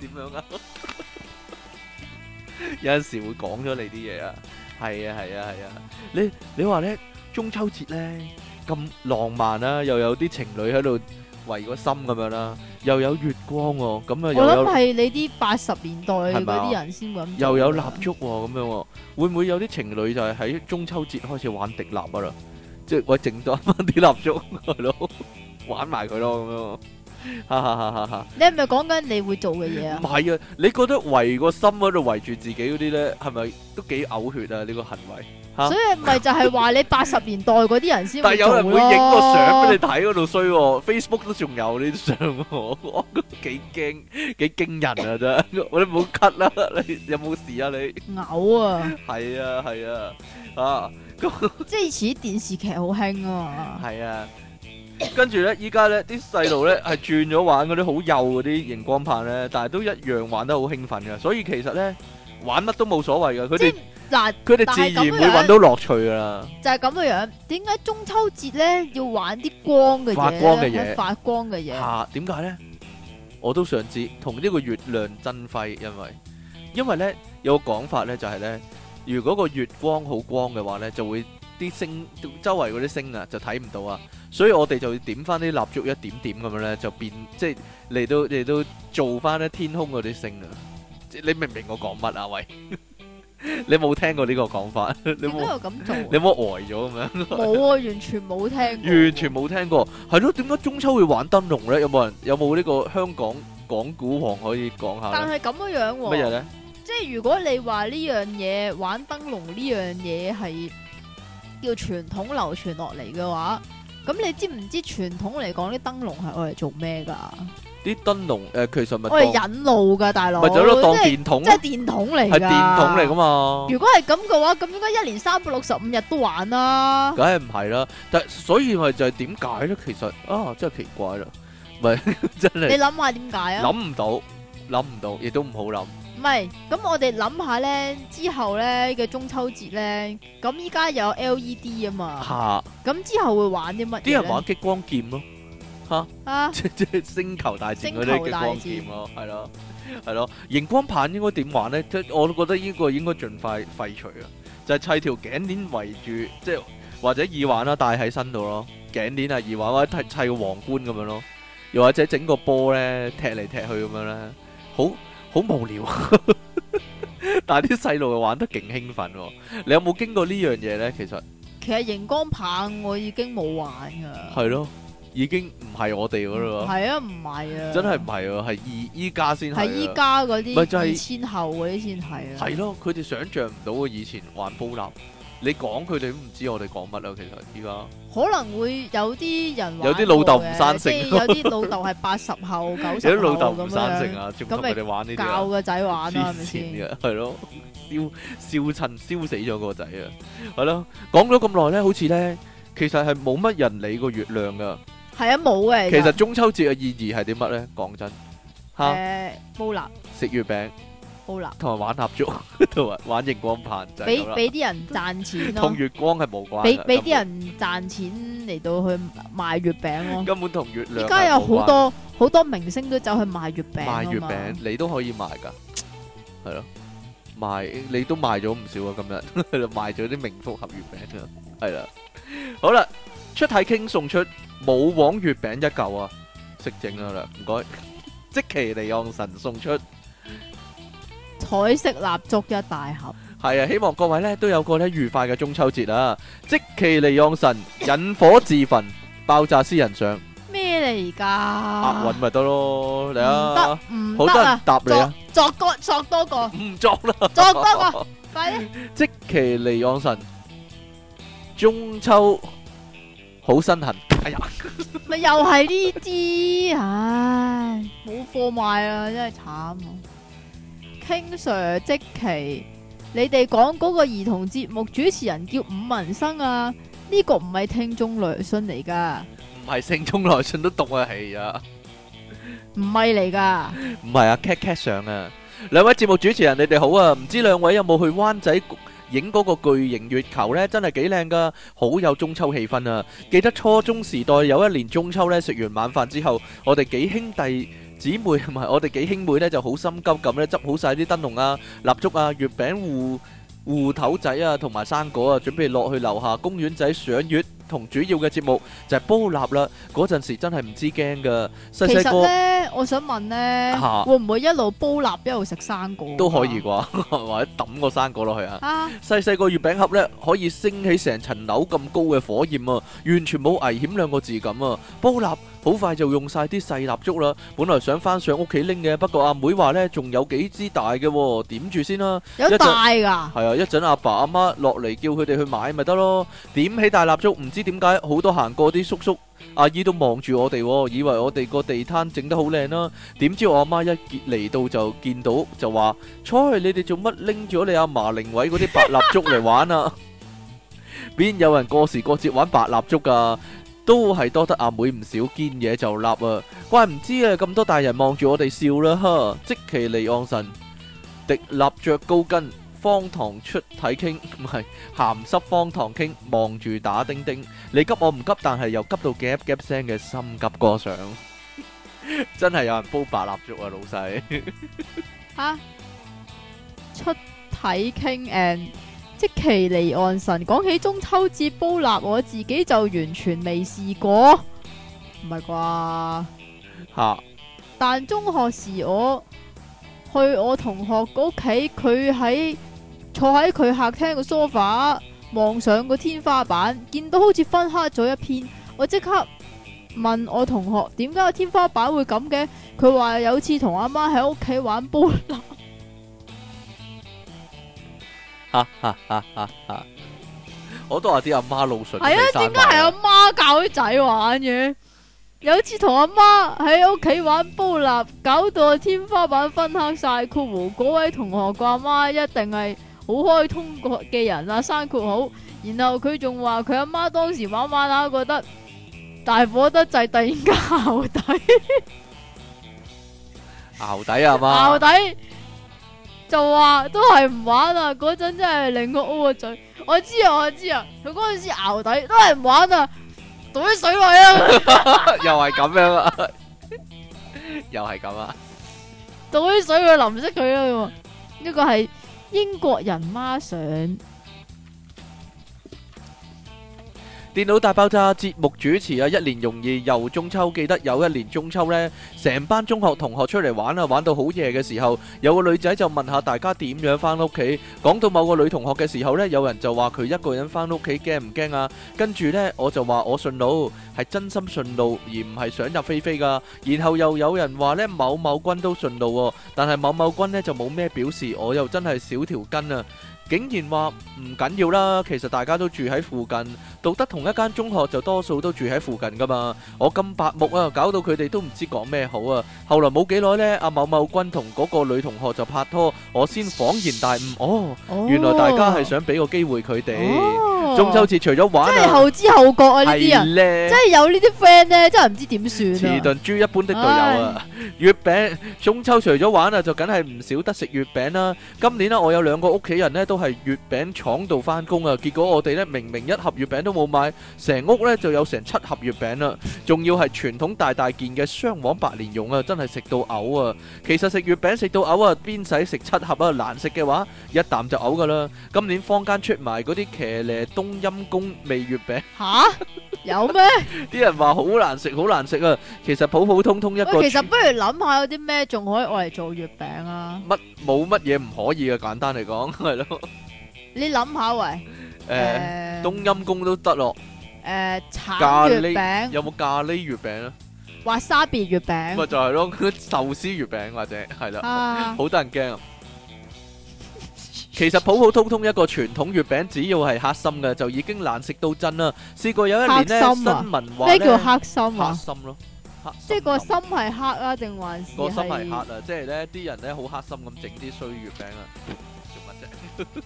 [SPEAKER 2] 點樣啊？有陣時會講咗你啲嘢啊，係啊，係啊，係啊，你你話咧？中秋節咧咁浪漫啦，又有啲情侶喺度圍個心咁樣啦，又有月光喎，咁啊又有。我諗係
[SPEAKER 1] 你啲八十年代嗰啲人先會。又有蠟
[SPEAKER 2] 燭喎，咁樣會唔會有啲情侶就係喺中秋節開始玩滴蠟啊啦？即係我整多翻啲蠟燭係咯，玩埋佢咯咁樣。哈哈
[SPEAKER 1] 哈！哈哈！你係咪講緊你會做嘅嘢啊？
[SPEAKER 2] 唔係啊，你覺得圍個心喺度圍住自己嗰啲咧，係咪都幾嘔血啊？呢個行為？所以
[SPEAKER 1] 咪就係話你八十年代嗰啲人先，但係有人會影個相俾你
[SPEAKER 2] 睇嗰度衰喎，Facebook 都仲有呢啲相，我覺得幾驚幾驚人啊啫，我哋唔好 cut 啦，你有冇事啊你？
[SPEAKER 1] 嘔啊！
[SPEAKER 2] 係啊係啊，吓！即
[SPEAKER 1] 係以前電視劇好興啊。
[SPEAKER 2] 係啊，跟住咧，依家咧，啲細路咧係轉咗玩嗰啲好幼嗰啲熒光棒咧，但係都一樣玩得好興奮噶，所以其實咧玩乜都冇所謂噶，佢哋。嗱，佢哋自然會搵到樂趣㗎啦。
[SPEAKER 1] 就係咁嘅樣，點解中秋節咧要玩啲光嘅嘢咧？發光嘅嘢，發光嘅嘢。吓，
[SPEAKER 2] 點解咧？我都想知，同呢個月亮增輝，因為因為咧有個講法咧，就係咧，如果個月光好光嘅話咧，就會啲星周圍嗰啲星啊就睇唔到啊，所以我哋就會點翻啲蠟燭一點點咁樣咧，就變即係嚟到嚟到做翻咧天空嗰啲星啊！即你明唔明我講乜啊？喂！ 你冇聽過呢個講法， 你冇咁有做， 你冇呆咗咁樣。
[SPEAKER 1] 冇 啊，完全冇聽
[SPEAKER 2] 過， 完全冇聽過。係咯， 點解中秋會玩燈籠咧？有冇人有冇呢個香港講古王可以講下？但
[SPEAKER 1] 係咁樣喎、啊，乜嘢咧？即係如果你話呢樣嘢玩燈籠呢樣嘢係叫傳統流傳落嚟嘅話，咁你知唔知傳統嚟講啲燈籠係攞嚟做咩㗎？
[SPEAKER 2] 啲燈籠誒、呃，其實咪引路㗎，大佬，咪就係咯，當電筒即，即係電筒嚟，係電筒嚟噶嘛。如果
[SPEAKER 1] 係咁嘅話，咁應該一年三百六十五日都玩啦、
[SPEAKER 2] 啊。梗係唔係啦？但所以咪就係點解咧？其實啊，真係奇怪啦。咪 真係的 你諗下
[SPEAKER 1] 點解啊？諗
[SPEAKER 2] 唔到，諗唔到，亦都唔好諗。
[SPEAKER 1] 唔係，咁我哋諗下咧，之後咧嘅中秋節咧，咁依家有 LED 啊嘛。吓、啊，咁之後會玩啲乜？啲人玩
[SPEAKER 2] 激光劍咯、啊。啊！即即 星球大戰嗰啲光劍咯，係咯，係咯。熒光棒應該點玩咧？即我都覺得呢個應該盡快廢除啊！就係、是、砌條頸鏈圍住，即或者耳環啦，戴喺身度咯。頸鏈啊，耳環或者砌或者砌個皇冠咁樣咯，又或者整個波咧踢嚟踢去咁樣咧，好好無聊。 但係啲細路又玩得勁興奮。你有冇經過呢樣嘢咧？其實
[SPEAKER 1] 其實熒光棒我已經冇玩噶，
[SPEAKER 2] 係咯。已經唔係我哋噶咯，係啊，唔係
[SPEAKER 1] 啊，啊，真係
[SPEAKER 2] 唔係啊。係依依家先係，係依家嗰啲二千
[SPEAKER 1] 後嗰啲先係啊，係
[SPEAKER 2] 咯，佢哋想像唔到以前玩煲蠟，你講佢哋都唔知我哋講乜啊。其實依家
[SPEAKER 1] 可能會有啲人有啲老豆唔生性， 有啲老豆係八十後九，有啲老豆唔生性啊，仲同佢哋玩呢啲，教個仔玩啊，係咪先？
[SPEAKER 2] 係咯，燒燒親燒死咗個仔啊，係咯，講咗咁耐咧，好似咧，其實係冇乜人理個月亮噶。
[SPEAKER 1] 係啊，冇嘅。其實中
[SPEAKER 2] 秋節嘅意義係啲乜咧？講真吓，
[SPEAKER 1] 包立食月餅，包立同
[SPEAKER 2] 埋玩蠟燭，同埋玩熒光棒仔，俾俾啲
[SPEAKER 1] 人賺錢咯。同月
[SPEAKER 2] 光係冇關。俾俾啲
[SPEAKER 1] 人賺錢嚟到去賣月餅咯。
[SPEAKER 2] 根本同月亮。依家有好多
[SPEAKER 1] 好多明星都走去賣月餅。賣月餅，
[SPEAKER 2] 你都可以賣噶，係咯，賣你都賣咗唔少啊！今日賣咗啲明福合月餅啊，係啦，好啦，出體傾送出。冇黃月餅一嚿啊，食剩咗喇，唔該。積淇離岸神送出
[SPEAKER 1] 彩色蠟燭，一大盒。
[SPEAKER 2] 係啊，希望各位咧都有個咧愉快嘅中秋節啊！積淇離岸神引火自焚，爆炸私人上
[SPEAKER 1] 咩嚟噶？
[SPEAKER 2] 答韻，咪得咯，嚟啊！唔得，唔得啊！好多人答你啊，
[SPEAKER 1] 作個作多個，唔
[SPEAKER 2] 作啦，作多個快
[SPEAKER 1] 啲。
[SPEAKER 2] 積淇離岸神中秋。好身痕，
[SPEAKER 1] 咪、哎、 又係呢啲，唉，冇貨賣啊，真係慘啊！King Sir 即期，你哋講嗰個兒童節目主持人叫伍文生啊？呢、這個唔係聽眾來信嚟噶，
[SPEAKER 2] 唔係性中來信都讀啊，係 啊，
[SPEAKER 1] 唔係嚟噶，
[SPEAKER 2] 唔係啊，cat cat 上啊，兩位節目主持人，你哋好啊，唔知兩位有冇去灣仔？影嗰個巨型月球咧，真係幾靚噶，好有中秋氣氛啊！記得初中時代有一年中秋咧，食完晚飯之後，我哋幾兄弟姊妹唔係，我哋幾兄妹咧就好心急咁咧，執好晒啲燈籠啊、蠟燭啊、月餅芋芋頭仔啊，同埋生果啊，準備落去樓下公園仔賞月。同主要嘅節目就係煲蠟啦，嗰陣時真係唔知驚㗎。細細個，其實呢，
[SPEAKER 1] 我想問呢，啊、會唔會一路煲蠟一路食生果？都可以
[SPEAKER 2] 啩，或者揼個生果落去啊！細細個月餅盒呢，可以升起成層樓咁高嘅火焰啊，完全冇危險兩個字咁啊，煲蠟。好快就用曬啲細蠟燭啦！本來想翻上屋企拎嘅，不過阿妹話咧，仲有幾支大嘅，點住先啦。有大㗎。係啊，一陣阿爸阿媽落嚟叫佢哋去買咪得咯。點起大蠟燭，唔知點解好多行過啲叔叔阿姨都望住我哋，以為我哋個地攤整得好靚啦。點知我阿媽一嚟到就見到就話：菜，你哋做乜拎咗你阿嫲靈位嗰啲白蠟燭嚟玩啊？邊有人過時過節玩白蠟燭㗎？都係多得阿妹唔少，堅嘢就立啊！怪唔知啊，咁多大人望住我哋笑啦！呵，積淇離岸神，滴立着高跟，方糖出體 king，唔係鹹濕方糖傾，望住打叮叮，你急我唔急，但係又急到 gap gap 聲嘅心急歌想，真係有人煲白蠟燭啊，老細！吓，
[SPEAKER 1] 出體 king 誒。積淇離岸神，講起中秋節煲蠟，我自己就完全未試過，唔係啩？吓哈！但中學時我去我同學屋企，佢喺坐喺佢客廳個梳化望上個天花板，見到好似分黑咗一片，我即刻問我同學點解個天花板會咁嘅？佢話有次同阿媽喺屋企玩煲蠟。
[SPEAKER 2] 啊啊啊啊啊！我都話啲阿媽老髓係啊，點解係阿
[SPEAKER 1] 媽教啲仔玩嘅？有一次同阿媽喺屋企玩煲蠟，搞到天花板分黑晒。括弧嗰位同學個阿媽一定係好開通闊嘅人啦，生括好。然後佢仲話佢阿媽當時玩玩下，覺得大火得滯，突然間淆底
[SPEAKER 2] 淆 底啊嘛！淆底。
[SPEAKER 1] 又話都係唔玩啊！嗰陣真係令我烏個嘴，我知啊，我知啊，佢嗰陣時熬底都係唔玩啊，倒啲水佢 啊，
[SPEAKER 2] 又係咁樣啦，又係咁啊，
[SPEAKER 1] 倒啲水佢淋濕佢啦，呢個係英國人孖相。
[SPEAKER 2] 電腦大爆炸，節目主持啊，一年容易又中秋，記得有一年中秋呢，成班中學同學出嚟玩啊，玩到好夜嘅時候，有個女仔就問下大家點樣返屋企，講到某個女同學嘅時候呢，有人就話佢一個人返屋企驚唔驚啊？跟住呢，我就話我順路，係真心順路而唔係想入非非㗎。然後又有人話呢，某某君都順路喎，但係某某君呢，就冇咩表示，我又真係少條筋啊。竟然話唔緊要啦，其實大家都住喺附近，讀得同一間中學就多數都住喺附近㗎嘛。我咁白目啊，搞到佢哋都唔知講咩好啊。後來冇幾耐呢，阿某某君同嗰個女同學就拍拖，我先恍然大悟，哦，原來大家係想俾個機會佢哋。Oh. Oh. 中秋節除咗玩，真係後
[SPEAKER 1] 知後覺啊！呢啲人，真係有呢啲 friend 咧，真係唔知點
[SPEAKER 2] 算啊！遲鈍豬一般的隊友啊！月餅中秋除咗玩啊，就梗係唔少得食月餅啦。今年啦，我有兩個屋企人咧，都係月餅廠度返工啊。結果我哋咧，明明一盒月餅都冇買，成屋咧就有成七盒月餅啦。仲要係傳統大大件嘅雙黃白蓮蓉啊，真係食到嘔啊！其實食月餅食到嘔啊，邊使食七盒啊？難食嘅話，一啖就嘔㗎啦。今年坊間出埋嗰啲騎呢東。冬陰功味月餅？吓，有咩？啲人話好難食，好難食啊！其實普普通通一個。喂，其實不
[SPEAKER 1] 如諗下有啲咩仲可以我嚟做月餅啊？
[SPEAKER 2] 乜冇乜嘢唔可以嘅？簡單嚟講，係咯。
[SPEAKER 1] 你諗下喂。
[SPEAKER 2] 誒，冬陰功都得咯。
[SPEAKER 1] 誒，咖喱餅
[SPEAKER 2] 有冇咖喱月餅啊
[SPEAKER 1] ？Wasabi 月餅。咪
[SPEAKER 2] 就係咯，壽司月餅或者係啦，好多人驚啊！其實普普通通一個傳統月餅，只要係黑心嘅，就已經難食到真啦。試過有一年咧，新聞話咩叫黑心啊？黑心咯，黑即係
[SPEAKER 1] 個心係黑啊，定還是個心係黑
[SPEAKER 2] 啊？即係咧，啲人咧好黑心咁整啲衰月餅啊，做乜啫？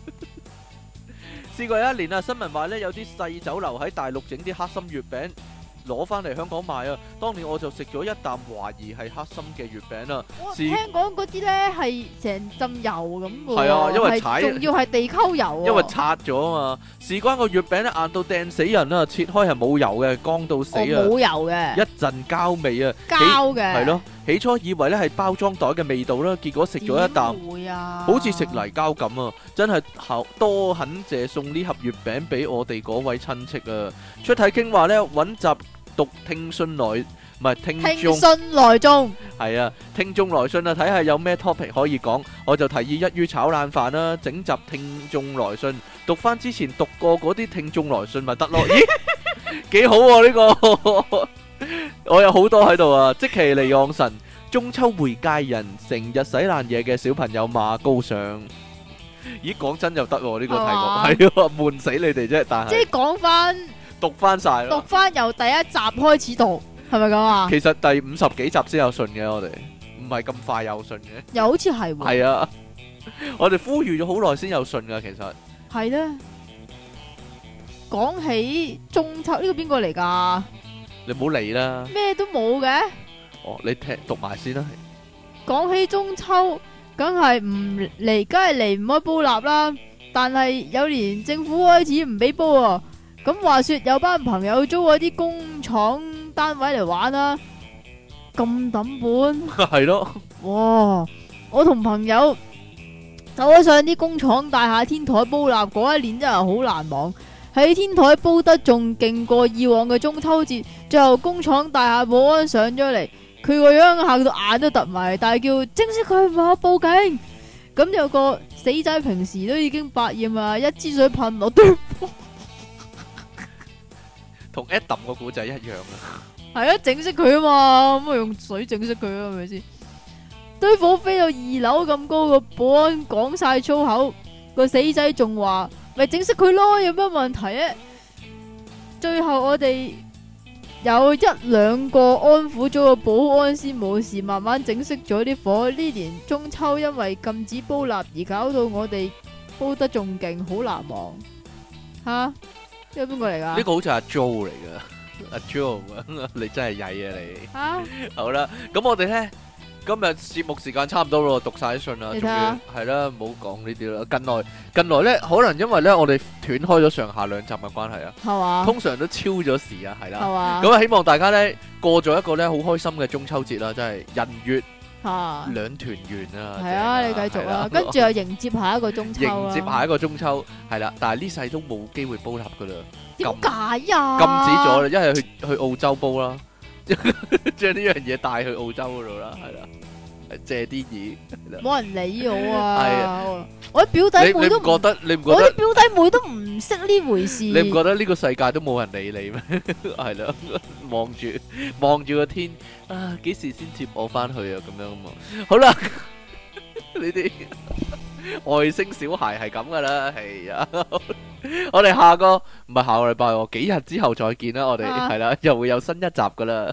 [SPEAKER 2] 試過有一年啊，新聞話咧有啲細酒樓喺大陸整啲黑心月餅。攞翻嚟香港買啊！當年我就食咗一啖懷疑係黑心嘅月餅啦。聽
[SPEAKER 1] 講嗰啲咧係成浸油咁，係啊，因為踩，仲要係地溝油。因為
[SPEAKER 2] 拆咗啊嘛。事關個月餅咧硬到掟死人啦，切開係冇油嘅，乾到死啊，冇油嘅，一陣膠味啊，膠嘅，係咯，起初以為咧係包裝袋嘅味道啦，結果食咗一啖，會啊，好似食泥膠咁啊，真係好多謝送呢盒月餅俾我哋嗰位親戚啊！出體 King 話咧揾集。讀聽信來唔係聽信來眾，係啊，聽眾來信啊，睇下有咩 topic 可以講。我就提議一於炒爛飯啦，整集聽眾來信讀翻之前讀過嗰啲聽眾來信咪得咯。咦，幾好，呢個我有好多喺度啊，積淇離岸神中秋回佳人、成日洗爛嘢嘅小朋友馬高尚。咦，講真就得呢個題目係係啊，悶死你哋啫，但係即係
[SPEAKER 1] 講翻。
[SPEAKER 2] 讀翻晒啦！讀
[SPEAKER 1] 翻由第一集開始讀，係咪咁啊？其
[SPEAKER 2] 實第五十幾集先有信嘅，我哋唔係咁快有信嘅，又好似係。係啊，我哋呼籲咗好耐先有信噶，其實
[SPEAKER 1] 係啦。講起中秋呢個邊個嚟噶？
[SPEAKER 2] 你唔好嚟啦！
[SPEAKER 1] 咩都冇嘅。
[SPEAKER 2] 哦，你聽讀埋先啦。
[SPEAKER 1] 講起中秋，梗係唔嚟，梗係離唔開煲蠟啦。但係有年政府開始唔俾煲喎。咁話說，有班朋友租嗰啲工廠單位嚟玩啊，咁抌本係咯。 是的 哇！我同朋友走咗上啲工廠大廈天台煲蠟，嗰一年真係好難忘。喺天台煲得仲勁過以往嘅中秋節。最後工廠大廈保安上咗嚟，佢個樣嚇到眼都突埋，大叫：正式佢話報警！咁有個死仔平時都已經百厭啦，一支水噴落。
[SPEAKER 2] 同一抌個古仔一樣啊！
[SPEAKER 1] 係啊，整熄佢啊嘛，咁啊用水整熄佢咯，係咪先？堆火飛到二樓咁高，個保安講晒粗口，個死仔仲話，咪整熄佢咯，有咩問題啊？最後我哋有一兩個安撫咗個保安先冇事，慢慢整熄咗啲火。呢年中秋因為禁止煲蠟而搞到我哋煲得仲勁，好難忘吓。呢個邊個嚟噶？
[SPEAKER 2] 呢個好似阿 Joe 嚟噶，阿 Joe， 你真係曳啊你！蛤 好啦，咁我哋咧今日節目時間差唔多咯，讀晒啲信啦，仲要，係啦、啊，唔好講呢啲啦。近來近來咧，可能因為咧我哋斷開咗上下兩集嘅關係啊，係嘛吧？通常都超咗時啊，係啦，咁啊吧，希望大家咧過咗一個咧好開心嘅中秋節啦，真係人月。吓，兩團圓啊！係啊，啊你繼續、啊，跟住、啊、又迎
[SPEAKER 1] 接下一個中秋 迎接下
[SPEAKER 2] 一個中秋，係啦、啊，但係呢世都冇機會煲合噶啦，點解
[SPEAKER 1] 啊？禁止咗啦，
[SPEAKER 2] 一係去去澳洲煲啦，將呢樣嘢帶去澳洲嗰度啦，係啦、啊。借啲嘢，冇人
[SPEAKER 1] 理我啊！我啲表弟妹都，我啲表弟妹都唔識呢回事。你唔覺
[SPEAKER 2] 得呢個世界都冇人理你咩？係啦，望住望住個天啊，幾時先接我翻去啊？咁樣啊嘛，好啦，呢啲外星小孩係咁噶啦。係啊，我哋下個唔係下個禮拜，幾日之後再見啦。我哋係啦，又會有新一集噶啦。